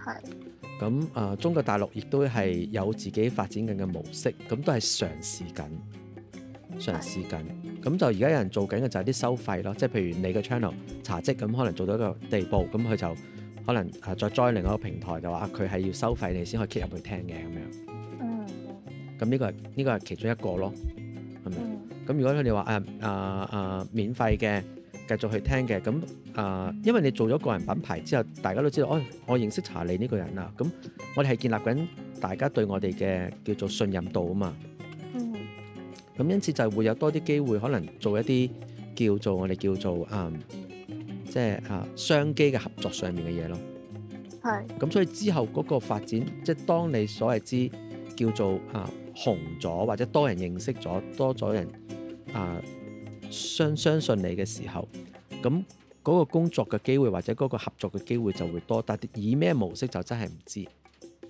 係、mm -hmm.。咁啊，中國大陸亦都係有自己發展緊嘅模式，咁都係嘗試緊，嘗試緊。咁、mm -hmm. 就而家有人做緊嘅就係啲收費咯，即係譬如你嘅 channel 查職咁，可能做到一個地步，咁佢就可能啊再 join 另一個平台就話佢係要收費你先可以 keep 入去聽嘅咁樣。嗯、mm -hmm.。咁、這、呢個係呢個係其中一個咯，係咪？咁、mm -hmm. 如果佢哋話啊啊啊免費嘅。繼續去聽嘅，咁啊、呃嗯，因為你做咗個人品牌之後，大家都知道，哦，我認識查理呢個人啦、啊，咁我哋係建立緊大家對我哋嘅叫做信任度啊嘛。嗯。咁因此就會有多啲機會，可能做一啲叫做我哋叫做、嗯、啊，即係啊商機嘅合作上面嘅嘢咯。係。咁所以之後嗰個發展，即係當你所謂之叫做啊紅咗，或者多人認識咗，多咗人啊。相相信你嘅時候，咁嗰個工作嘅機會或者嗰個合作嘅機會就會多，但以咩模式就真係唔知。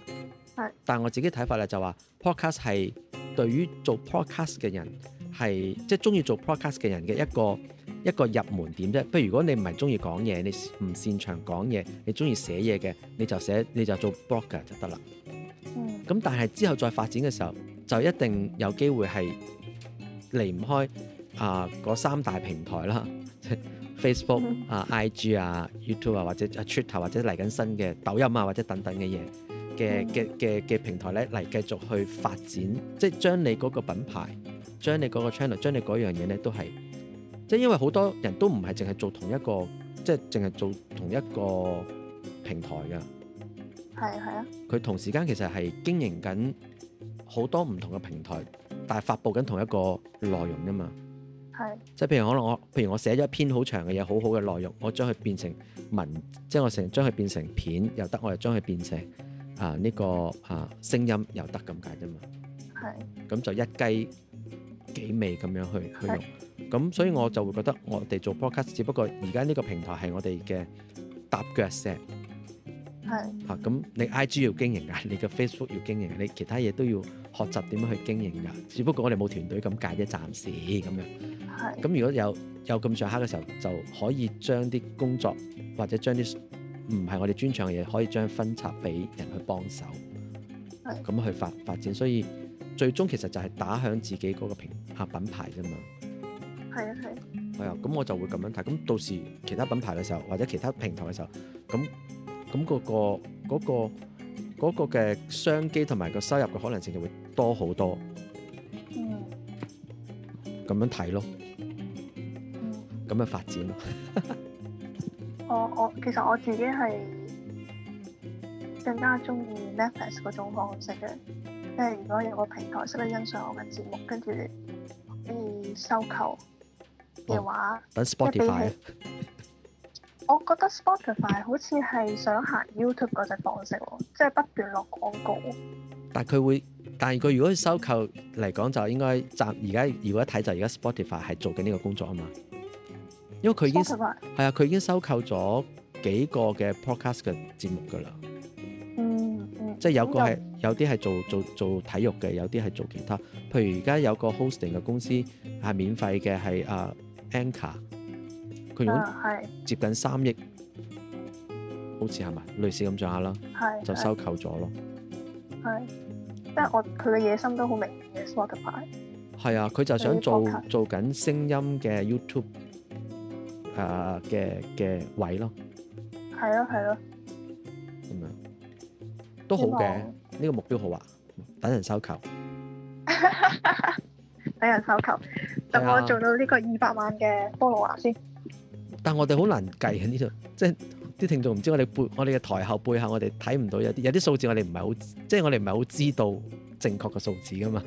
嗯。但我自己睇法咧就話，podcast 係對於做 podcast 嘅人係即係中意做 podcast 嘅人嘅一個、嗯、一個入門點啫。譬如如果你唔係中意講嘢，你唔擅長講嘢，你中意寫嘢嘅，你就寫，你就做 blogger 就得啦。嗯。咁但係之後再發展嘅時候，就一定有機會係離唔開。啊！嗰三大平台啦，即係 Facebook、mm -hmm. 啊、IG 啊、YouTube 啊，或者 Twitter，或者嚟緊新嘅抖音啊，或者等等嘅嘢嘅嘅嘅嘅平台咧，嚟繼續去發展，即係將你嗰個品牌、將、mm -hmm. 你嗰個 channel、將你嗰樣嘢咧，都係即係因為好多人都唔係淨係做同一個，即係淨係做同一個平台㗎。係啊係啊！佢同時間其實係經營緊好多唔同嘅平台，但係發佈緊同一個內容啫嘛。係，即係譬如可能我，譬如我寫咗一篇好長嘅嘢，好好嘅內容，我將佢變成文，即係我成將佢變成片又得，我又將佢變成啊呢、呃這個啊聲、呃、音又得咁解啫嘛。係，咁就一雞幾味咁樣去去用，咁所以我就會覺得我哋做 podcast，只不過而家呢個平台係我哋嘅搭腳石。係吓，咁、啊、你 I G 要經營㗎，你嘅 Facebook 要經營，你其他嘢都要學習點樣去經營㗎。只不過我哋冇團隊咁解啫，暫時咁樣。係。咁如果有有咁上下嘅時候，就可以將啲工作或者將啲唔係我哋專長嘅嘢，可以將分拆俾人去幫手。係。咁去發發展，所以最終其實就係打響自己嗰個平嚇品牌㗎嘛。係啊，係。係、哎、啊，咁我就會咁樣睇。咁到時其他品牌嘅時候，或者其他平台嘅時候，咁。咁、嗰、嗰個嗰、嗰個嗰、嗰個嘅商機同埋個收入嘅可能性就會多好多。嗯，咁樣睇咯。嗯，咁樣發展。 哦、我我其實我自己係更加鍾意 Netflix 嗰種方式嘅，即係如果有個平台識得欣賞我嘅節目，跟住、嗯哦、可以收購嘅話，等 Spotify。啊我覺得 Spotify 好似係想行 YouTube 嗰隻方式咯，即、就、係、是、不斷落廣告。但佢會，但佢如果收購嚟講、嗯，就應該集而家如果一睇就而家 Spotify 係做緊呢個工作啊嘛。因為佢已經係啊，佢已經收購咗幾個嘅 podcast 嘅節目噶啦。嗯，嗯即係有個係、嗯、有啲係做、嗯、做做，做體育嘅，有啲係做其他。譬如而家有個 hosting 嘅公司係免費嘅，係、uh, 啊 Anchor。佢講接近三億，啊、是好似係咪類似咁上下啦？係就收購咗咯。係，即係我佢嘅野心都好明顯嘅。Swag、yes, 牌係啊，佢就想做做緊聲音嘅 YouTube，誒嘅嘅位咯。係咯、啊，係咯、啊，咁樣都好嘅。呢個目標好啊，等人收購。 等人收購，等、啊、我做到呢個二百萬嘅菠蘿亞先。但我哋好難計喺呢度，即係啲聽眾唔知我哋背我哋嘅台後背後，我哋睇唔到有啲有啲數字，我哋唔係好即係我哋唔係好知道正確嘅數字㗎嘛。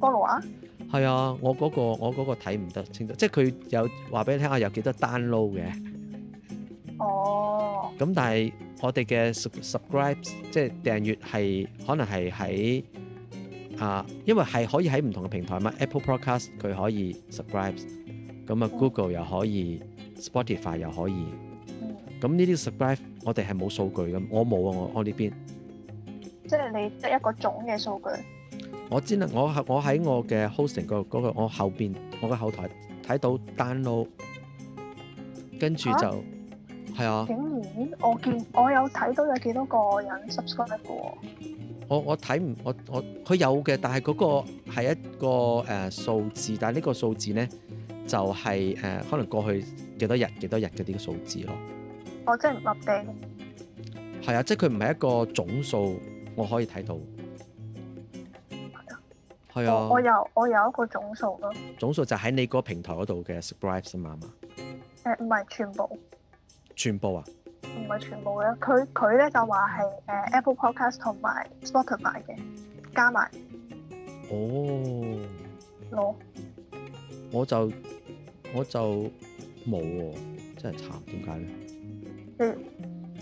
歌路啊？係啊，我嗰、嗰個我嗰個睇唔得清楚，即係佢有話俾你聽、啊、下有幾多 download 嘅。哦。咁但係我哋嘅 subscribes 即係訂閱係可能係喺啊，因為係可以喺唔同嘅平台嘛，Apple Podcast 佢可以 subscribes。咁啊，Google 又可以，Spotify 又可以。咁呢啲 subscribe，我哋係冇數據噶，我冇啊，我我呢邊，即係你得一個總嘅數據。我知啦，我我喺我嘅 hosting 的、那個嗰個我後邊，我個後台睇到 download，跟住就係啊，啊。竟然我見我有睇到有幾多個人 subscribe 嘅喎。我我睇唔我我佢有嘅，但係嗰個係一個誒數、嗯呃、字，但係呢個數字咧。就係、是、誒、呃，可能過去幾多日、幾多日嘅啲數字咯。我真係唔確定。係啊，即係佢唔係一個總數，我可以睇到。係啊。我，我有我有一個總數咯。總數就喺你個平台嗰度嘅 Subscribers 嘛，係嘛。誒唔係全部。全部啊？唔係全部嘅，佢佢咧就話係誒 Apple Podcast 同埋 Spotify 嘅加埋。哦。攞。我就。我就冇喎、啊，真係慘。點解咧？嗯，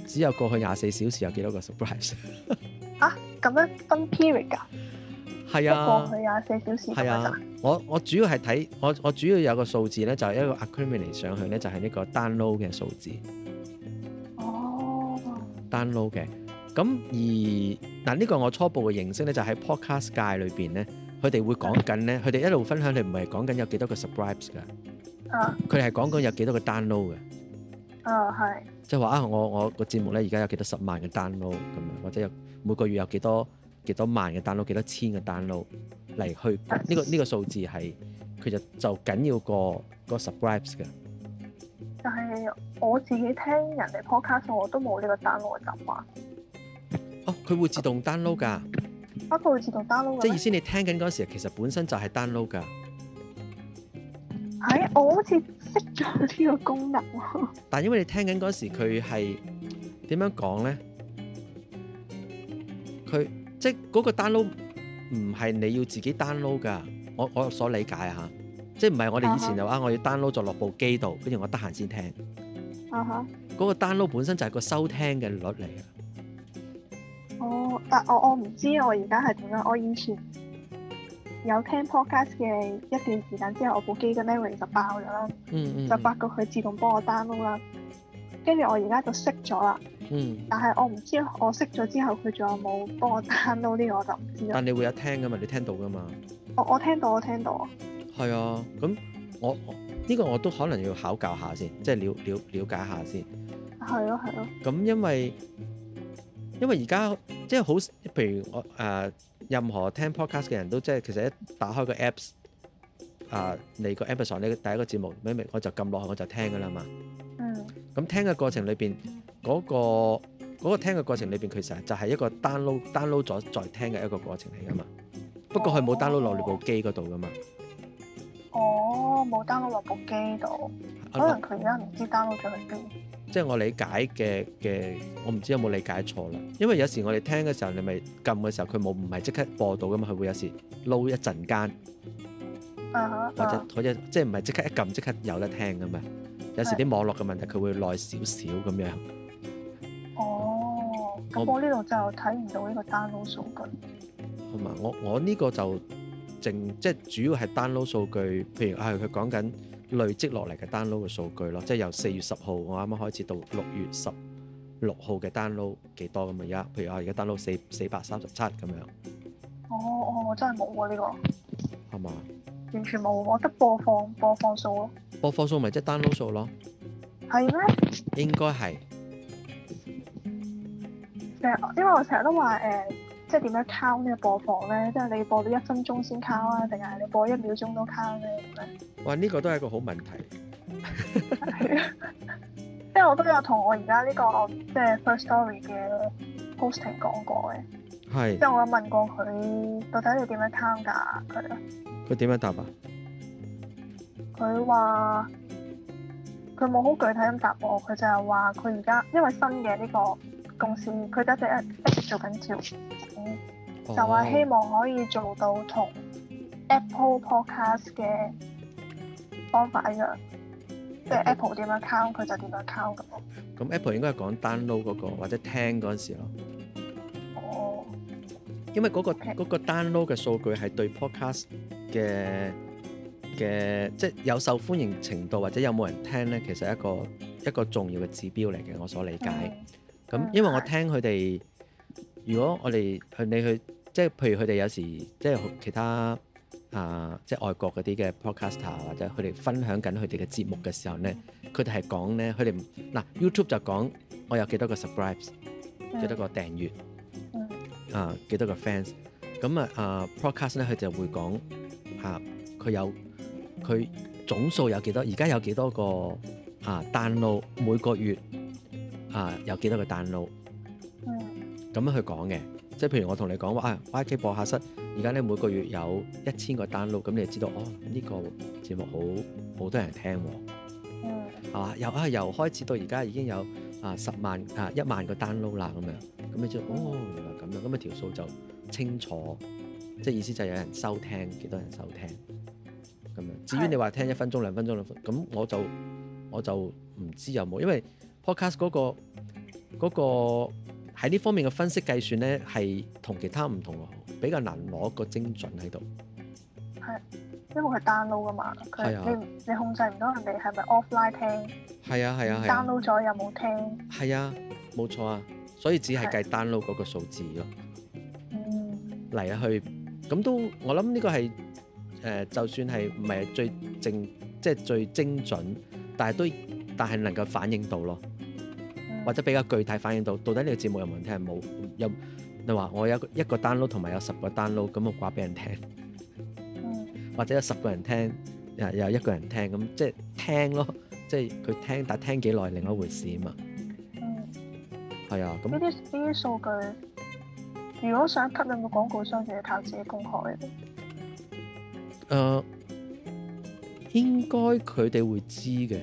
只有過去廿四小時有幾多個 surprise 啊？咁樣分 period 㗎、啊，係啊，過去廿四小時。係啊，就是、我我主要係睇我我主要有個數字咧，就係、是、一個 a c r u a i n a t e 上去咧，就係、是、呢個 download 嘅數字。哦，download 嘅咁而嗱呢、呢個我初步嘅認識咧，就喺、是、podcast 界裏邊咧，佢哋會講緊咧，佢哋一路分享，你唔係講緊有幾多個 surprise 㗎。佢哋係講講有幾多個 download 嘅，啊係，即係話啊，我我個節目咧而家有幾多十萬嘅 download 咁樣，或者有每個月有幾多幾多萬嘅 download，幾多千嘅 download 嚟去呢、呢個呢、呢個數字係佢就過、嗰個、就緊要過個 subscribes 㗎。但係我自己聽人哋 podcast 我都冇呢個 download 嘅習慣。哦，佢會自動 download 㗎，啊佢、啊、會自動 download 即係意思你聽緊嗰時其實本身就係 download 㗎。係、欸，我好似識咗呢個功能喎。但係因為你聽緊嗰時，佢係點樣講咧？佢即係嗰個 download 唔係你要自己 download 㗎。我我所理解吓，即係唔係我哋以前就啊，我要 download 咗落部機度，跟住，uh-huh。我得閒先聽。啊哈！嗰個 download 本身就係個收聽嘅率嚟。哦、oh，但係我我唔知我而家係點樣。我以前。有聽 podcast 嘅一段時間之後，我部機嘅 memory 就爆咗啦、嗯嗯，就發覺佢自動幫我 download 啦，跟住我而家就熄咗啦。嗯，但係我唔知我熄咗之後，佢仲有冇幫我 download 呢、呢個？我就唔知。但你會有聽噶嘛？你聽到噶嘛？我我聽到，我聽到啊。係啊，咁我呢、呢個我都可能要考教下先，即係了了了解下先。係咯、啊，係咯、啊。咁因為因為而家即係好，譬如我誒。呃任何聽 podcast 嘅人都即係其實一打開個 apps，啊嚟個 apps 上呢個，第一個節目明明我就撳落去，我就聽㗎啦嘛。嗯。咁聽嘅過程裏邊嗰個嗰、嗰個、聽嘅過程裏邊，其實就係一個 download download 咗再聽嘅一個過程嚟噶嘛。不過佢冇 download 落你部機嗰度噶嘛。哦，冇、哦、download 落部機度，可能佢而家唔知 download 咗去邊。即係我理解嘅嘅，我唔知有冇理解錯啦。因為有時我哋聽嘅時候，你咪撳嘅時候，佢冇唔係即刻播到噶嘛，佢會有時撈一陣間，啊啊，或者或者即係唔係即刻一撳即刻有得聽噶嘛。有時啲網絡嘅問題，佢會耐少少咁樣。哦，咁我呢度就睇唔到呢個 download 數據。我我呢個就淨即係主要係 download 數據。譬如啊，佢講緊。累積落嚟嘅 download 嘅數據咯，即係由四月十號我啱啱開始到六月十六號嘅 download 幾多咁啊？而家譬如話而家 download 四四百三十七咁樣。哦哦，我真係冇喎呢個。係嘛？完全冇，我得播放播放數咯。播放數咪即係 download 數咯。係咩？應該係。成日因為我成日都話誒。呃即係點樣 count 呢個播放咧？即係你播到一分鐘先 count 啊，定係你播一秒鐘都 count 咧咁咧？哇！呢、這個都係一個好問題。即 係 我都有同我而家呢個即係 First Story 嘅 Posting 講過嘅。係。即係我有問過佢，到底你點樣 count 㗎？佢佢點樣答啊？佢話佢冇好具體咁答我。他他」佢就係話佢而家因為新嘅呢、這個。同時佢得只一一直做緊條，oh. 就話希望可以做到同 Apple Podcast 嘅方法一樣，即係 Apple 點樣 count 佢就點樣 count 咁。咁 Apple 應該係講 download 嗰個或者聽嗰陣時咯。哦、oh.，因為嗰 okay. 個 download 嘅數據係對 Podcast 嘅嘅，即係有受歡迎程度或者有冇人聽咧，其實係一個一個重要嘅指標嚟嘅。我所理解。Mm. 咁、嗯嗯、因為我聽佢哋，如果我哋去你去，即係譬如佢哋有時即係其他啊，即係外國嗰啲嘅 podcaster 或者佢哋分享緊佢哋嘅節目嘅時候咧，佢哋係講咧，佢哋嗱 YouTube 就講我有幾多個 subscribes，幾、嗯、多個訂閱，嗯、啊幾多個 fans，咁啊啊、呃、podcast 咧佢就會講吓佢有佢總數有幾多，而家有幾多個啊彈路每個月。啊，有幾多個 download？咁、嗯、樣去講嘅，即係譬如我同你講話啊，YK 播客室而家咧每個月有一千個 download，咁你就知道哦，呢、這個節目好好多人聽喎、啊。係、嗯、嘛？由啊，啊由開始到而家已經有啊十萬啊一萬個 download 啦，咁樣，咁你就哦原來咁樣，咁啊條數就清楚，即係意思就係有人收聽幾多人收聽咁樣。至於你話聽一分鐘兩分鐘兩分鐘，咁我就我就唔知有冇，因為。Podcast 嗰、嗰個喺呢、嗰個、方面嘅分析計算咧，係同其他唔同的，比較難攞個精準喺度。係，因為佢 download 噶嘛，啊、你你控制唔到人哋係咪 offline 聽。係啊係啊。download 咗、啊、又冇聽？係啊，冇、啊、錯啊，所以只係計 download 嗰個數字咯。嗯、啊。嚟啊去咁都，我諗呢個係誒、呃，就算係唔係最精，即係最精準，但係都但係能夠反映到咯。或者比較具體反映到，到底呢個節目有冇人聽？冇有，有你話我有一一個 download 同埋有十個 download 咁我掛俾人聽、嗯，或者有十個人聽，又有一個人聽，咁即係聽咯，即係佢聽，但係聽幾耐另一回事啊嘛。係、嗯、啊，咁呢啲呢啲數據，如果想吸引個廣告商，就要靠自己公開。誒、呃，應該佢哋會知嘅。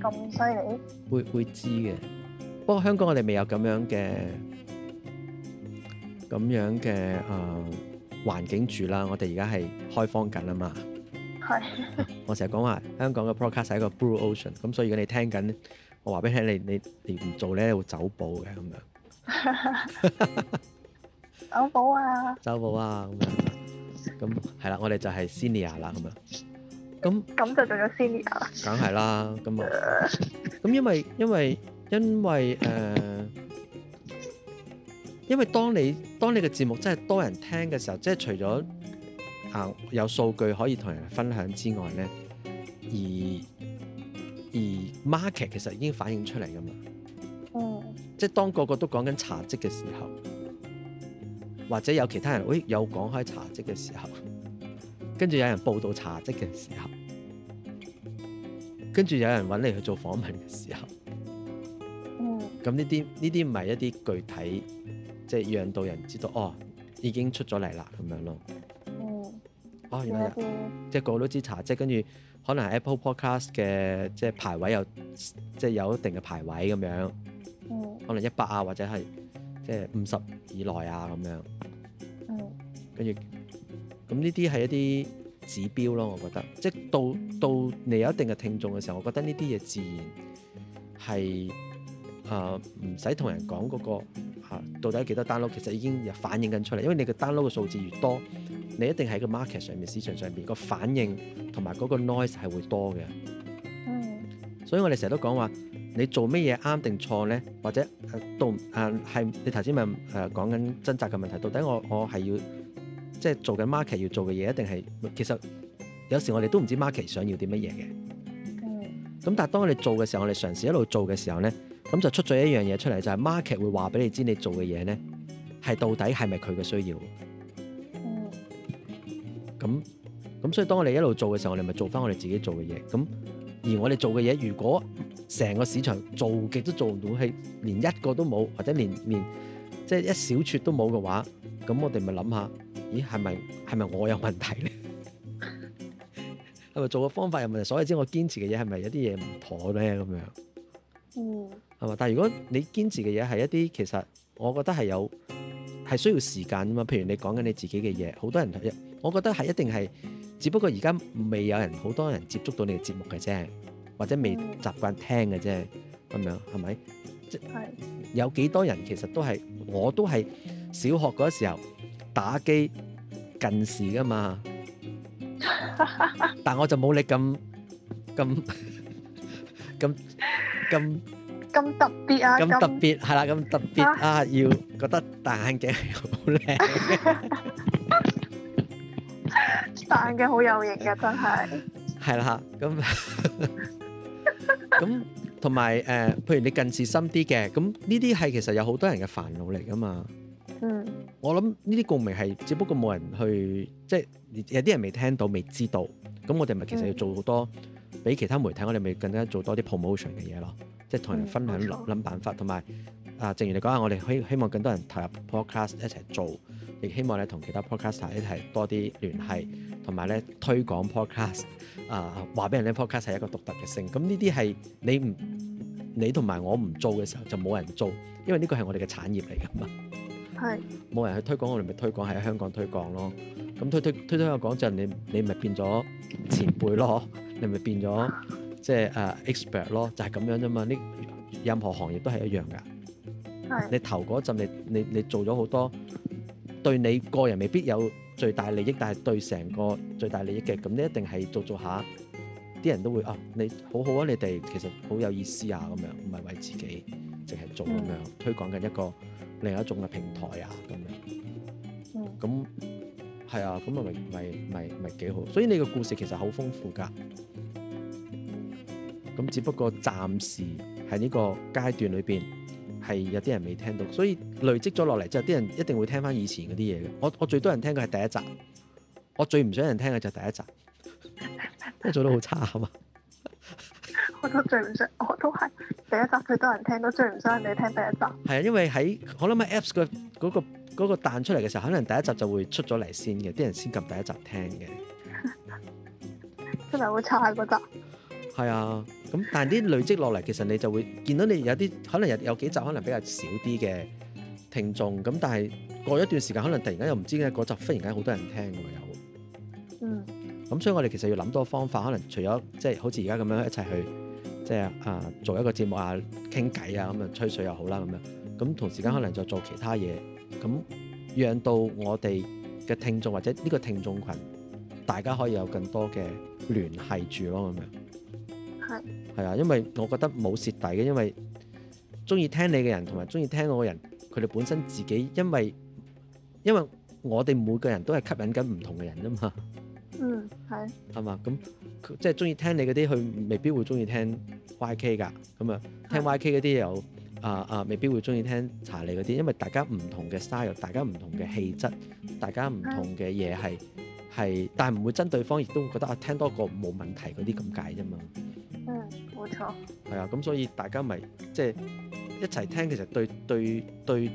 咁犀利？會會知嘅。不過香港我哋未有咁樣嘅咁樣嘅誒環境住啦。我哋而家係開放緊啊嘛。係 我成日講話香港嘅 podcast 係一個 blue ocean，咁所以如果你聽緊，我話俾你聽，你你你唔做咧會走寶嘅咁樣。 走寶啊！走寶啊！咁樣咁係啦，我哋就係 senior 啦咁樣。咁咁就做咗 senior 啦，梗係啦，咁啊，咁因為因為因為誒、呃，因為當你當你嘅節目真係多人聽嘅時候，即、就、係、是、除咗啊、呃、有數據可以同人分享之外咧，而而 market 其實已經反映出嚟噶嘛，嗯，即係當個個都講緊茶職嘅時候，或者有其他人誒、哎、有講開茶職嘅時候。跟住有人報道查績嘅時候，跟住有人搵你去做訪問嘅時候，嗯，咁呢啲呢啲唔係一啲具體，即係讓到人知道哦，已經出咗嚟啦咁樣咯、嗯，哦，原來、嗯、即係個個都知查績，跟住可能 Apple Podcast 嘅即係排位有即係有一定嘅排位咁樣、嗯，可能一百啊或者係即係五十以內啊咁樣，跟住、嗯。咁呢啲係一啲指標咯，我覺得，即係到到你有一定嘅聽眾嘅時候，我覺得呢啲嘢自然係、呃嗰個、啊，唔使同人講嗰個到底幾多 download，其實已經反映緊出嚟，因為你嘅 download 嘅數字越多，你一定喺個 market 上面、市場上邊個反應同埋嗰個 noise 係會多嘅、嗯。所以我哋成日都講話，你做咩嘢啱定錯咧？或者到誒係你頭先問誒講緊掙扎嘅問題，到底我我係要？即係做緊 market 要做嘅嘢，一定係其實有時我哋都唔知 market 想要啲乜嘢嘅。咁，但係當我哋做嘅時候，我哋嘗試一路做嘅時候咧，咁就出咗一樣嘢出嚟，就係、是、market 會話俾你知，你做嘅嘢咧係到底係咪佢嘅需要？嗯。咁咁，所以當我哋一路做嘅時候，我哋咪做翻我哋自己做嘅嘢。咁而我哋做嘅嘢，如果成個市場做極都做唔到，係連一個都冇，或者連連即係一小撮都冇嘅話，咁我哋咪諗下。咦，係咪係咪我有問題咧？係 咪做個方法有問題？所以先我堅持嘅嘢係咪有啲嘢唔妥咧？咁樣，嗯，係嘛？但係如果你堅持嘅嘢係一啲，其實我覺得係有係需要時間啊嘛。譬如你講緊你自己嘅嘢，好多人，我覺得係一定係，只不過而家未有人，好多人接觸到你嘅節目嘅啫，或者未習、嗯、慣聽嘅啫，咁樣係咪？即係。有幾多人其實都係我都係小學嗰時候。打機近視㗎嘛，但我就冇你咁咁咁咁咁特別啊！咁特別係啦，咁特別啊！要覺得戴眼鏡係好靚，戴眼鏡好有型嘅真係係啦，咁咁同埋誒，譬如你近視深啲嘅，咁呢啲係其實有好多人嘅煩惱嚟㗎嘛。嗯，我諗呢啲共鳴係只不過冇人去，即係有啲人未聽到、未知道。咁我哋咪其實要做好多俾、嗯、其他媒體，我哋咪更加做多啲 promotion 嘅嘢咯。即係同人分享諗諗辦法，同埋啊，正如你講啊，我哋希希望更多人投入 podcast 一齊做，亦希望咧同其他 podcaster 一齊多啲聯繫，同埋咧推廣 podcast、呃。啊，話俾人聽 podcast 係一個獨特嘅性。咁呢啲係你唔你同埋我唔做嘅時候，就冇人做，因為呢個係我哋嘅產業嚟㗎嘛。係，冇人去推廣，我哋咪推廣喺香港推廣咯。咁推推推推香港廣，你你咪變咗前輩咯，你咪變咗即係誒 expert 咯，就係、是、咁、uh, 樣啫嘛。呢任何行業都係一樣噶。係。你頭嗰陣，你你你做咗好多，對你個人未必有最大利益，但係對成個最大利益嘅，咁你一定係做做下，啲人都會啊，你好好啊，你哋其實好有意思啊，咁樣唔係為自己淨係做咁樣，嗯、推廣緊一個。另一種嘅平台啊，咁樣，咁係啊，咁咪咪咪咪幾好。所以你嘅故事其實好豐富㗎。咁只不過暫時喺呢個階段裏邊係有啲人未聽到，所以累積咗落嚟之後，啲人一定會聽翻以前嗰啲嘢嘅。我我最多人聽嘅係第一集，我最唔想人聽嘅就係第一集，因為做得好差啊嘛。 我都最唔想，我都係。第一集佢多人聽，都追唔追人哋聽第一集？係啊，因為喺我諗喺 Apps 嗰嗰、嗰個嗰彈、嗰個、出嚟嘅時候，可能第一集就會出咗嚟先嘅，啲人先撳第一集聽嘅。 真係會差嗰集？係啊，咁但係啲累積落嚟，其實你就會見到你有啲可能有有幾集可能比較少啲嘅聽眾，咁但係過咗一段時間，可能突然間又唔知點解嗰集忽然間好多人聽喎有。嗯。咁所以我哋其實要諗多方法，可能除咗即係好似而家咁樣一齊去。即係啊，做一個節目啊，傾偈啊，咁啊吹水又好啦，咁樣咁同時間可能就做其他嘢，咁讓到我哋嘅聽眾或者呢個聽眾群，大家可以有更多嘅聯繫住咯，咁樣係係啊，因為我覺得冇蝕底嘅，因為中意聽你嘅人同埋中意聽我嘅人，佢哋本身自己因為因為我哋每個人都係吸引緊唔同嘅人吖嘛。嗯，係。係嘛？咁即係中意聽你嗰啲，佢未必會中意聽 YK 噶。咁啊，聽 YK 嗰啲有，啊啊、呃，未必會中意聽查理嗰啲。因為大家唔同嘅 style，大家唔同嘅氣質，大家唔同嘅嘢係係，但係唔會針對方，亦都會覺得啊，聽多個冇問題嗰啲咁解啫嘛。嗯，冇錯。係啊，咁所以大家咪即係一齊聽，其實對對對，即係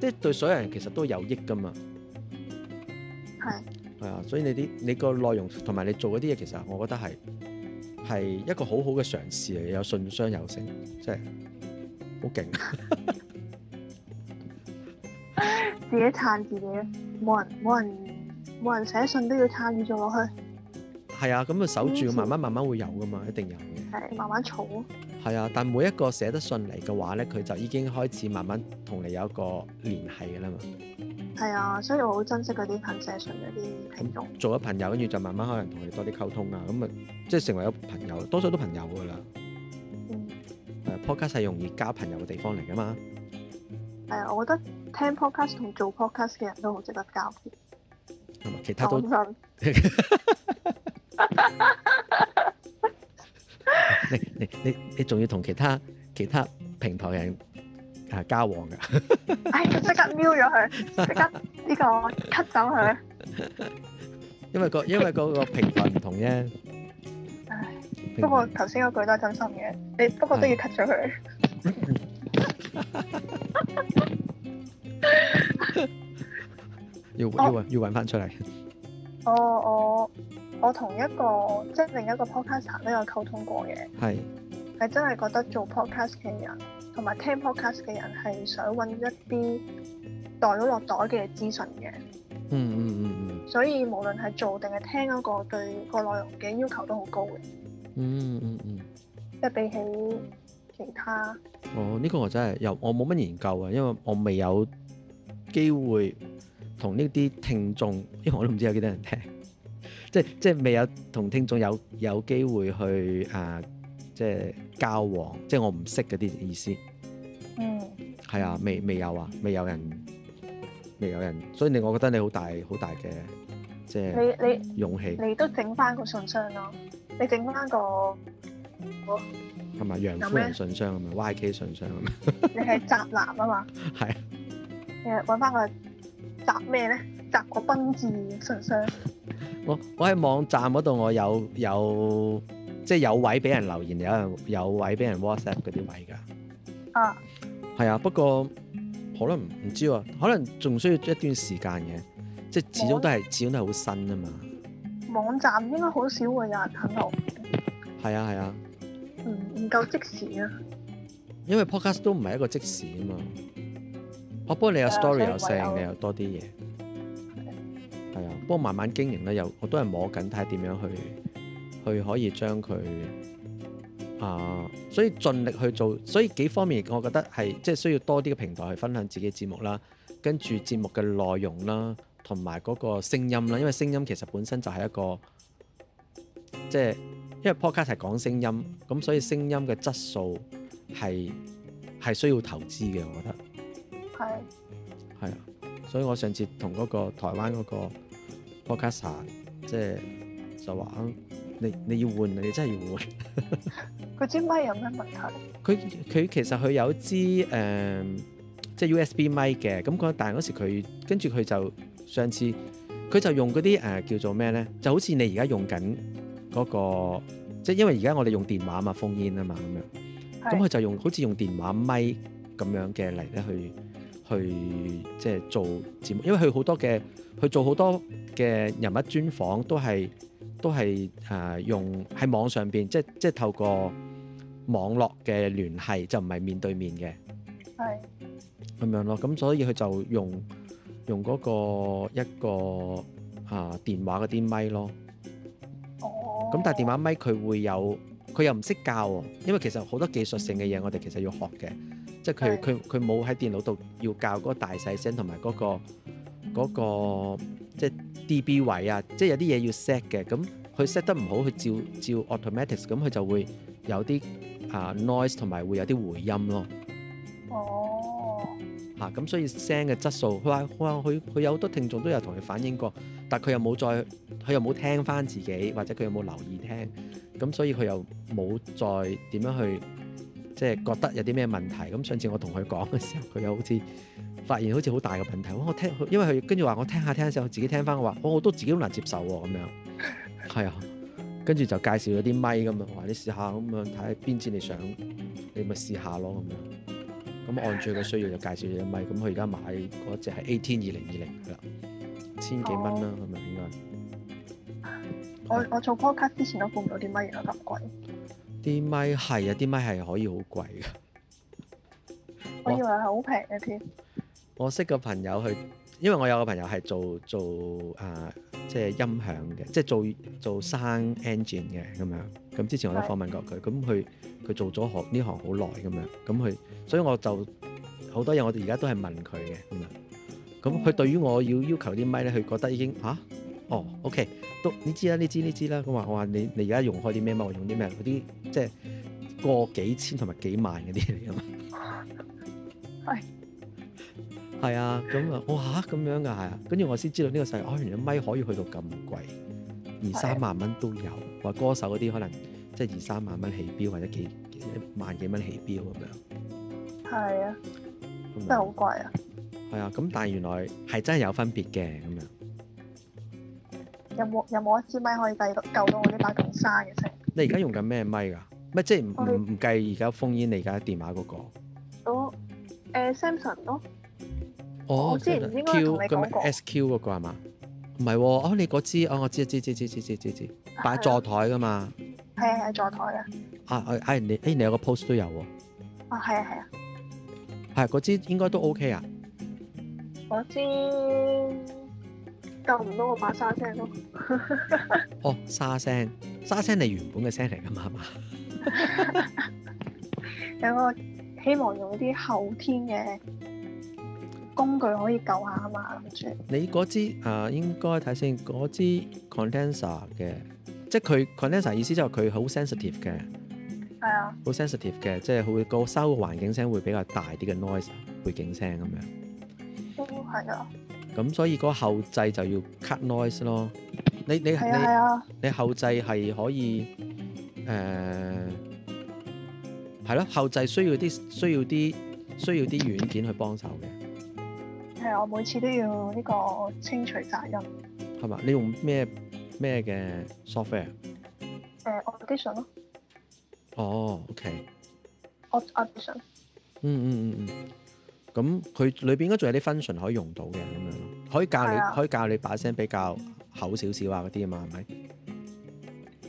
對，對所有人其實都有益噶嘛。係。係啊，所以你啲你個內容同埋你做嗰啲嘢，其實我覺得係一個好好嘅嘗試嚟，有信箱有升，即係好勁。 自己撐自己，冇人冇人冇人寫信都要撐住咗落去。係啊，咁啊守住，慢慢慢慢會有噶嘛，一定有嘅。係慢慢儲。係啊，但每一個寫得信嚟嘅話咧，佢就已經開始慢慢同你有一個聯繫噶啦嘛。係啊，所以我好珍惜嗰啲 p r e 啲聽眾。做咗朋友，跟住就慢慢可能同佢哋多啲溝通啊，咁啊，即係成為咗朋友，多數都朋友㗎啦。嗯。誒、uh，podcast 係容易交朋友嘅地方嚟㗎嘛？係啊，我覺得聽 podcast 同做 podcast 嘅人都好值得交。係嘛，其他都。心 你你你你仲要同其他其他平台嘅人？係交往嘅， 哎，即刻瞄咗佢，即刻呢個 cut 走佢，因為個因為嗰個頻率唔同啫。 唉，不過頭先嗰句都係真心嘅，你不過都要 cut 咗佢。要要要搵翻出嚟，我我我同一個即係，就是，另一個 podcaster 都有溝通過嘅，係係真係覺得做 podcast 嘅人。同埋聽 podcast 嘅人係想揾一啲袋咗落袋嘅資訊嘅。嗯嗯嗯嗯。所以無論係做定係聽嗰個，對個內容嘅要求都好高嘅、嗯。嗯嗯嗯。即、嗯、係、嗯、比起其他。哦，呢、呢個我真係又我冇乜研究啊，因為我未有機會同呢啲聽眾，因為我都唔知有幾多人聽，即即係未有同聽眾有有機會去啊。即係交往，即係我唔識嗰啲意思。嗯。係啊，未未有啊，未有人，未有人。所以你，我覺得你好大好大嘅，即係。你你勇氣。你都整翻個信箱咯，你整翻個，好、哦。係咪楊夫人信箱咁樣？YK 信箱咁樣。你係宅男 啊嘛。係。誒，揾翻個宅咩咧？宅個賓字信箱。我我喺網站嗰度，我有有。即係有位俾人留言，有人有位俾人 WhatsApp 嗰啲位㗎。啊，係啊，不過可能唔知喎，可能仲需要一段時間嘅，即係始終都係始終都係好新啊嘛。網站應該好少會有人肯留。係啊係啊。唔唔夠即時啊。因為 Podcast 都唔係一個即時啊嘛。不過你有 story 又盛，你又多啲嘢。係啊，不過慢慢經營咧，又我都係摸緊，睇點樣去。去可以將佢啊，所以盡力去做，所以幾方面，我覺得係即係需要多啲嘅平台去分享自己嘅節目啦，跟住節目嘅內容啦，同埋嗰個聲音啦，因為聲音其實本身就係一個即係、就是，因為 podcast 係講聲音，咁所以聲音嘅質素係係需要投資嘅，我覺得係係啊，所以我上次同嗰個台灣嗰個 podcaster 即係就話、是你你要換，你真係要換。佢支咪有咩問題？佢佢其實佢有一支誒，即、呃、係、就是、USB 咪嘅。咁但係嗰時佢跟住佢就上次佢就用嗰啲誒叫做咩咧？就好似你而家用緊嗰、那個，即、就、係、是、因為而家我哋用電話嘛，封煙啊嘛咁樣。咁佢就用好似用電話咪咁樣嘅嚟咧去去即係、就是、做節目，因為佢好多嘅佢做好多嘅人物專訪都係。都係誒、啊、用喺網上邊，即即透過網絡嘅聯繫，就唔係面對面嘅。係。咁樣咯，咁、嗯、所以佢就用用嗰、嗰個一個啊電話嗰啲咪咯。哦。咁但係電話咪，佢會有，佢又唔識教喎，因為其實好多技術性嘅嘢，我哋其實要學嘅、嗯，即係佢佢佢冇喺電腦度要教嗰個大細聲同埋嗰個。嗰、那個即係 DB 位啊，即係有啲嘢要 set 嘅，咁佢 set 得唔好，佢照照 automatic 咁，佢就會有啲啊 noise 同埋會有啲回音咯。哦、oh. 啊，咁所以聲嘅質素，佢話佢佢有好多聽眾都有同佢反映過，但佢又冇再，佢又冇聽翻自己，或者佢又冇留意聽，咁所以佢又冇再點樣去即係覺得有啲咩問題。咁上次我同佢講嘅時候，佢又好似～發現好似好大嘅問題，我聽，因為佢跟住話我聽下聽下自己聽翻嘅話，我都自己好難接受喎、啊，咁樣係 啊，跟住就介紹咗啲咪。咁啊，你試下咁啊，睇邊支你想，你咪試下咯咁樣，咁按住嘅需要就介紹咗啲咪。咁佢而家買嗰隻係 A T 二零二零啦，千幾蚊啦，係咪應該？我我做 pro cut 之前都估唔到啲咪，而家咁貴。啲咪，係啊，啲咪，係可以好貴嘅，我以為係好平嘅添。我識個朋友去，因為我有個朋友係做做啊、呃，即係音響嘅，即係做做聲 engine 嘅咁樣。咁之前我都訪問過佢，咁佢佢做咗學呢行好耐咁樣。咁佢，所以我就好多嘢，我哋而家都係問佢嘅咁樣。咁佢對於我要要求啲咪咧，佢覺得已經嚇、啊、哦，OK 都你知啦，你知你知啦。咁話我話你，你而家用開啲咩？我用啲咩嗰啲即係過幾千同埋幾萬嗰啲嚟㗎嘛？係、哎。係啊，咁啊，我嚇咁樣噶，係啊，跟住我先知道呢個世界，哦，原來咪可以去到咁貴，二三萬蚊都有，話歌手嗰啲可能即係二三萬蚊起標，或者幾萬幾蚊起標咁樣。係啊，真係好貴啊！係啊，咁但係原來係真係有分別嘅咁樣。有冇有冇一支咪可以計到救到我呢把咁沙嘅聲？你而家用緊咩咪噶？咪即係唔唔計而家封煙，你而家電話嗰個。我誒 Samson 咯。哦，即係 Q 嗰、那個 S Q 嗰個係嘛？唔係喎，哦你嗰支，哦我知知知知知知知知，擺喺座台㗎嘛？係啊係座台啊！啊、哎、啊，你、哎、誒你有個 post 都有喎、啊哦。啊係啊係啊，係嗰支應該都 OK 啊。嗰支救唔到我把沙聲咯。 哦沙聲沙聲係原本嘅聲嚟㗎嘛嘛。 有個希望用啲後天嘅。工具可以救下啊嘛，你嗰支啊，應該睇先嗰支 condenser 嘅，即係佢 condenser 意思就係佢好 sensitive 嘅，係、嗯、啊，好、嗯、sensitive 嘅、嗯，即係會個收個環境聲會比較大啲嘅 noise 背景聲咁樣，都係啊，咁所以個後製就要 cut noise 咯，你你係啊，你後制係可以誒，係、呃、咯，後製需要啲需要啲需要啲軟件去幫手嘅。係，我每次都要呢個清除雜音。係嘛？你用咩咩嘅 software？誒，Audition 咯。哦，OK。Aud Audition。嗯嗯嗯嗯。咁佢裏邊應該仲有啲 function 可以用到嘅咁樣，可以教你，可以教你把聲比較厚少少啊嗰啲啊嘛，係咪？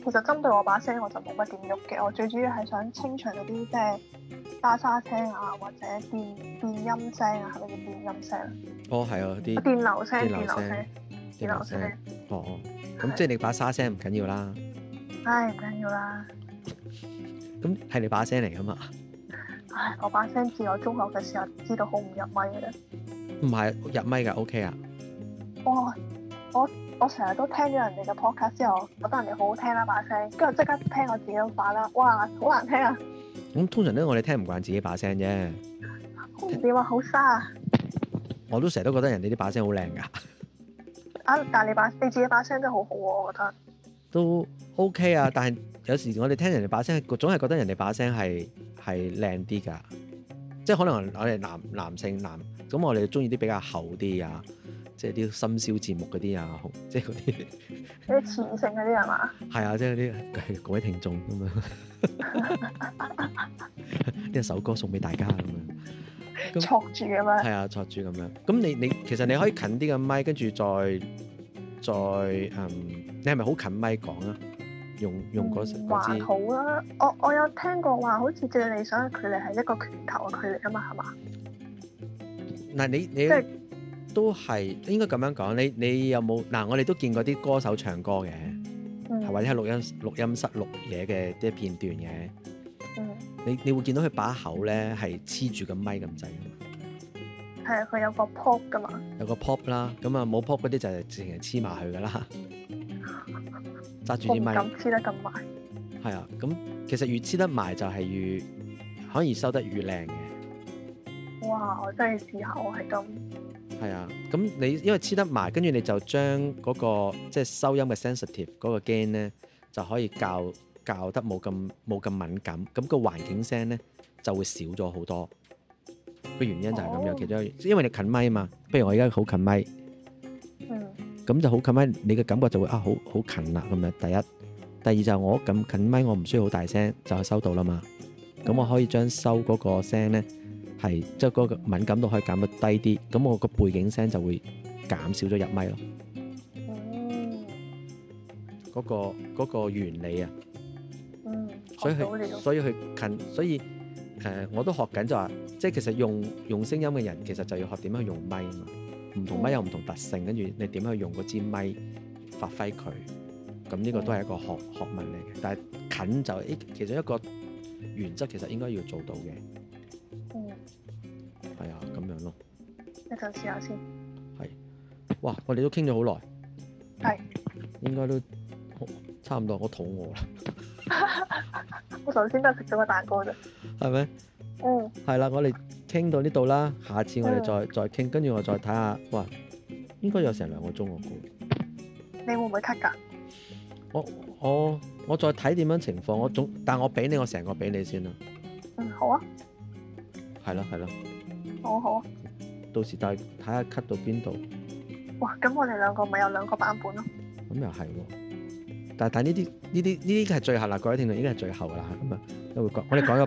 其實針對我把聲，我就冇乜點喐嘅，我最主要係想清除嗰啲即係。沙沙聲啊，或者電電音聲啊，係咪叫電音聲？哦，係啊，啲電，電，電流聲、電流聲、電流聲。哦，哦，咁即係你把沙聲唔緊、哎、要啦。唉， 唔緊要啦。咁係你把聲嚟噶嘛？唉，我把聲自我中學嘅時候，知道好唔入咪嘅。唔係入咪噶，OK 啊。哇、哦！我我成日都聽咗人哋嘅 podcast 之後，覺得人哋好好聽啦、啊、把聲，跟住即刻聽我自己把啦，哇，好難聽啊！咁通常咧，我哋聽唔慣自己把聲啫。你話好沙？我都成日都覺得人哋啲把聲好靚㗎。啊，但你把你自己把聲真係好好喎，我覺得。都 OK 啊，但係有時我哋聽人哋把聲，總係覺得人哋把聲係係靚啲㗎。即係可能我哋男男性男咁，我哋中意啲比較厚啲啊。即係啲深宵節目嗰啲啊，即係嗰啲，啲前線嗰啲係嘛？係啊，即係嗰啲各位聽眾咁樣，啲 首歌送俾大家咁樣，戳住咁樣。係啊，戳住咁樣。咁你你其實你可以近啲嘅咪，跟住再再嗯，你係咪好近咪講啊？用用嗰個話好啊，我我有聽過話，好似最理想嘅距離係一個拳頭嘅距離啊嘛，係嘛？嗱，你你、就是都係應該咁樣講，你你有冇嗱？我哋都見過啲歌手唱歌嘅，或者係錄音錄音室錄嘢嘅啲片段嘅。嗯。你你會見到佢把口咧係黐住個咪咁滯嘅嘛。係，佢有個 pop 噶嘛。有個 pop 啦，咁啊冇 pop 嗰啲就係直情黐埋去噶啦。揸住啲咪唔黐得咁埋？係啊，咁其實越黐得埋就係越可以收得越靚嘅。哇！我真係試下我係咁。係啊，咁你因為黐得埋，跟住你就將嗰個即係收音嘅 sensitive 嗰個 gain 咧，就可以較較得冇咁冇咁敏感，咁個環境聲咧就會少咗好多。個原因就係咁樣，其中一個因為你近 mic 嘛，不如我而家好近 mic，嗯，咁就好近 mic，你嘅感覺就會啊好好近啦，咁樣第一，第二就係我咁近 mic，我唔需要好大聲就係收到啦嘛，咁我可以將收嗰個聲咧。係即係個敏感度可以減得低啲，咁我個背景聲就會減少咗入咪咯。嗰、嗯嗰個、嗰個原理啊，嗯，所以佢所以佢近，所以誒、呃，我都學緊就話，即係其實用用聲音嘅人，其實就要學點樣去用咪啊嘛。唔同咪有唔同特性，跟住你點樣去用嗰支咪發揮佢，咁呢個都係一個學、嗯、學問嚟嘅。但係近就誒、欸，其實一個原則其實應該要做到嘅。係、哎、啊，咁樣咯。一陣試下先。係。哇，我哋都傾咗好耐。係。應該都、哦、差唔多，我肚餓啦。 我頭先都食咗個蛋糕啫。係咪？嗯。係啦，我哋傾到呢度啦，下次我哋再、嗯、再傾，跟住我再睇下。喂，應該有成兩個鐘我估。你會唔會 cut 噶？我我我再睇點樣情況、嗯，我總，但我俾你，我成個俾你先啦。嗯，好啊。係咯，係咯。好好，到時睇睇下 cut 到邊度。哇，咁我哋兩個咪有兩個版本咯。咁又係喎，但但呢啲呢啲呢啲係最後啦，各位聽眾啦，已經係最後啦，咁啊都會講，我哋講。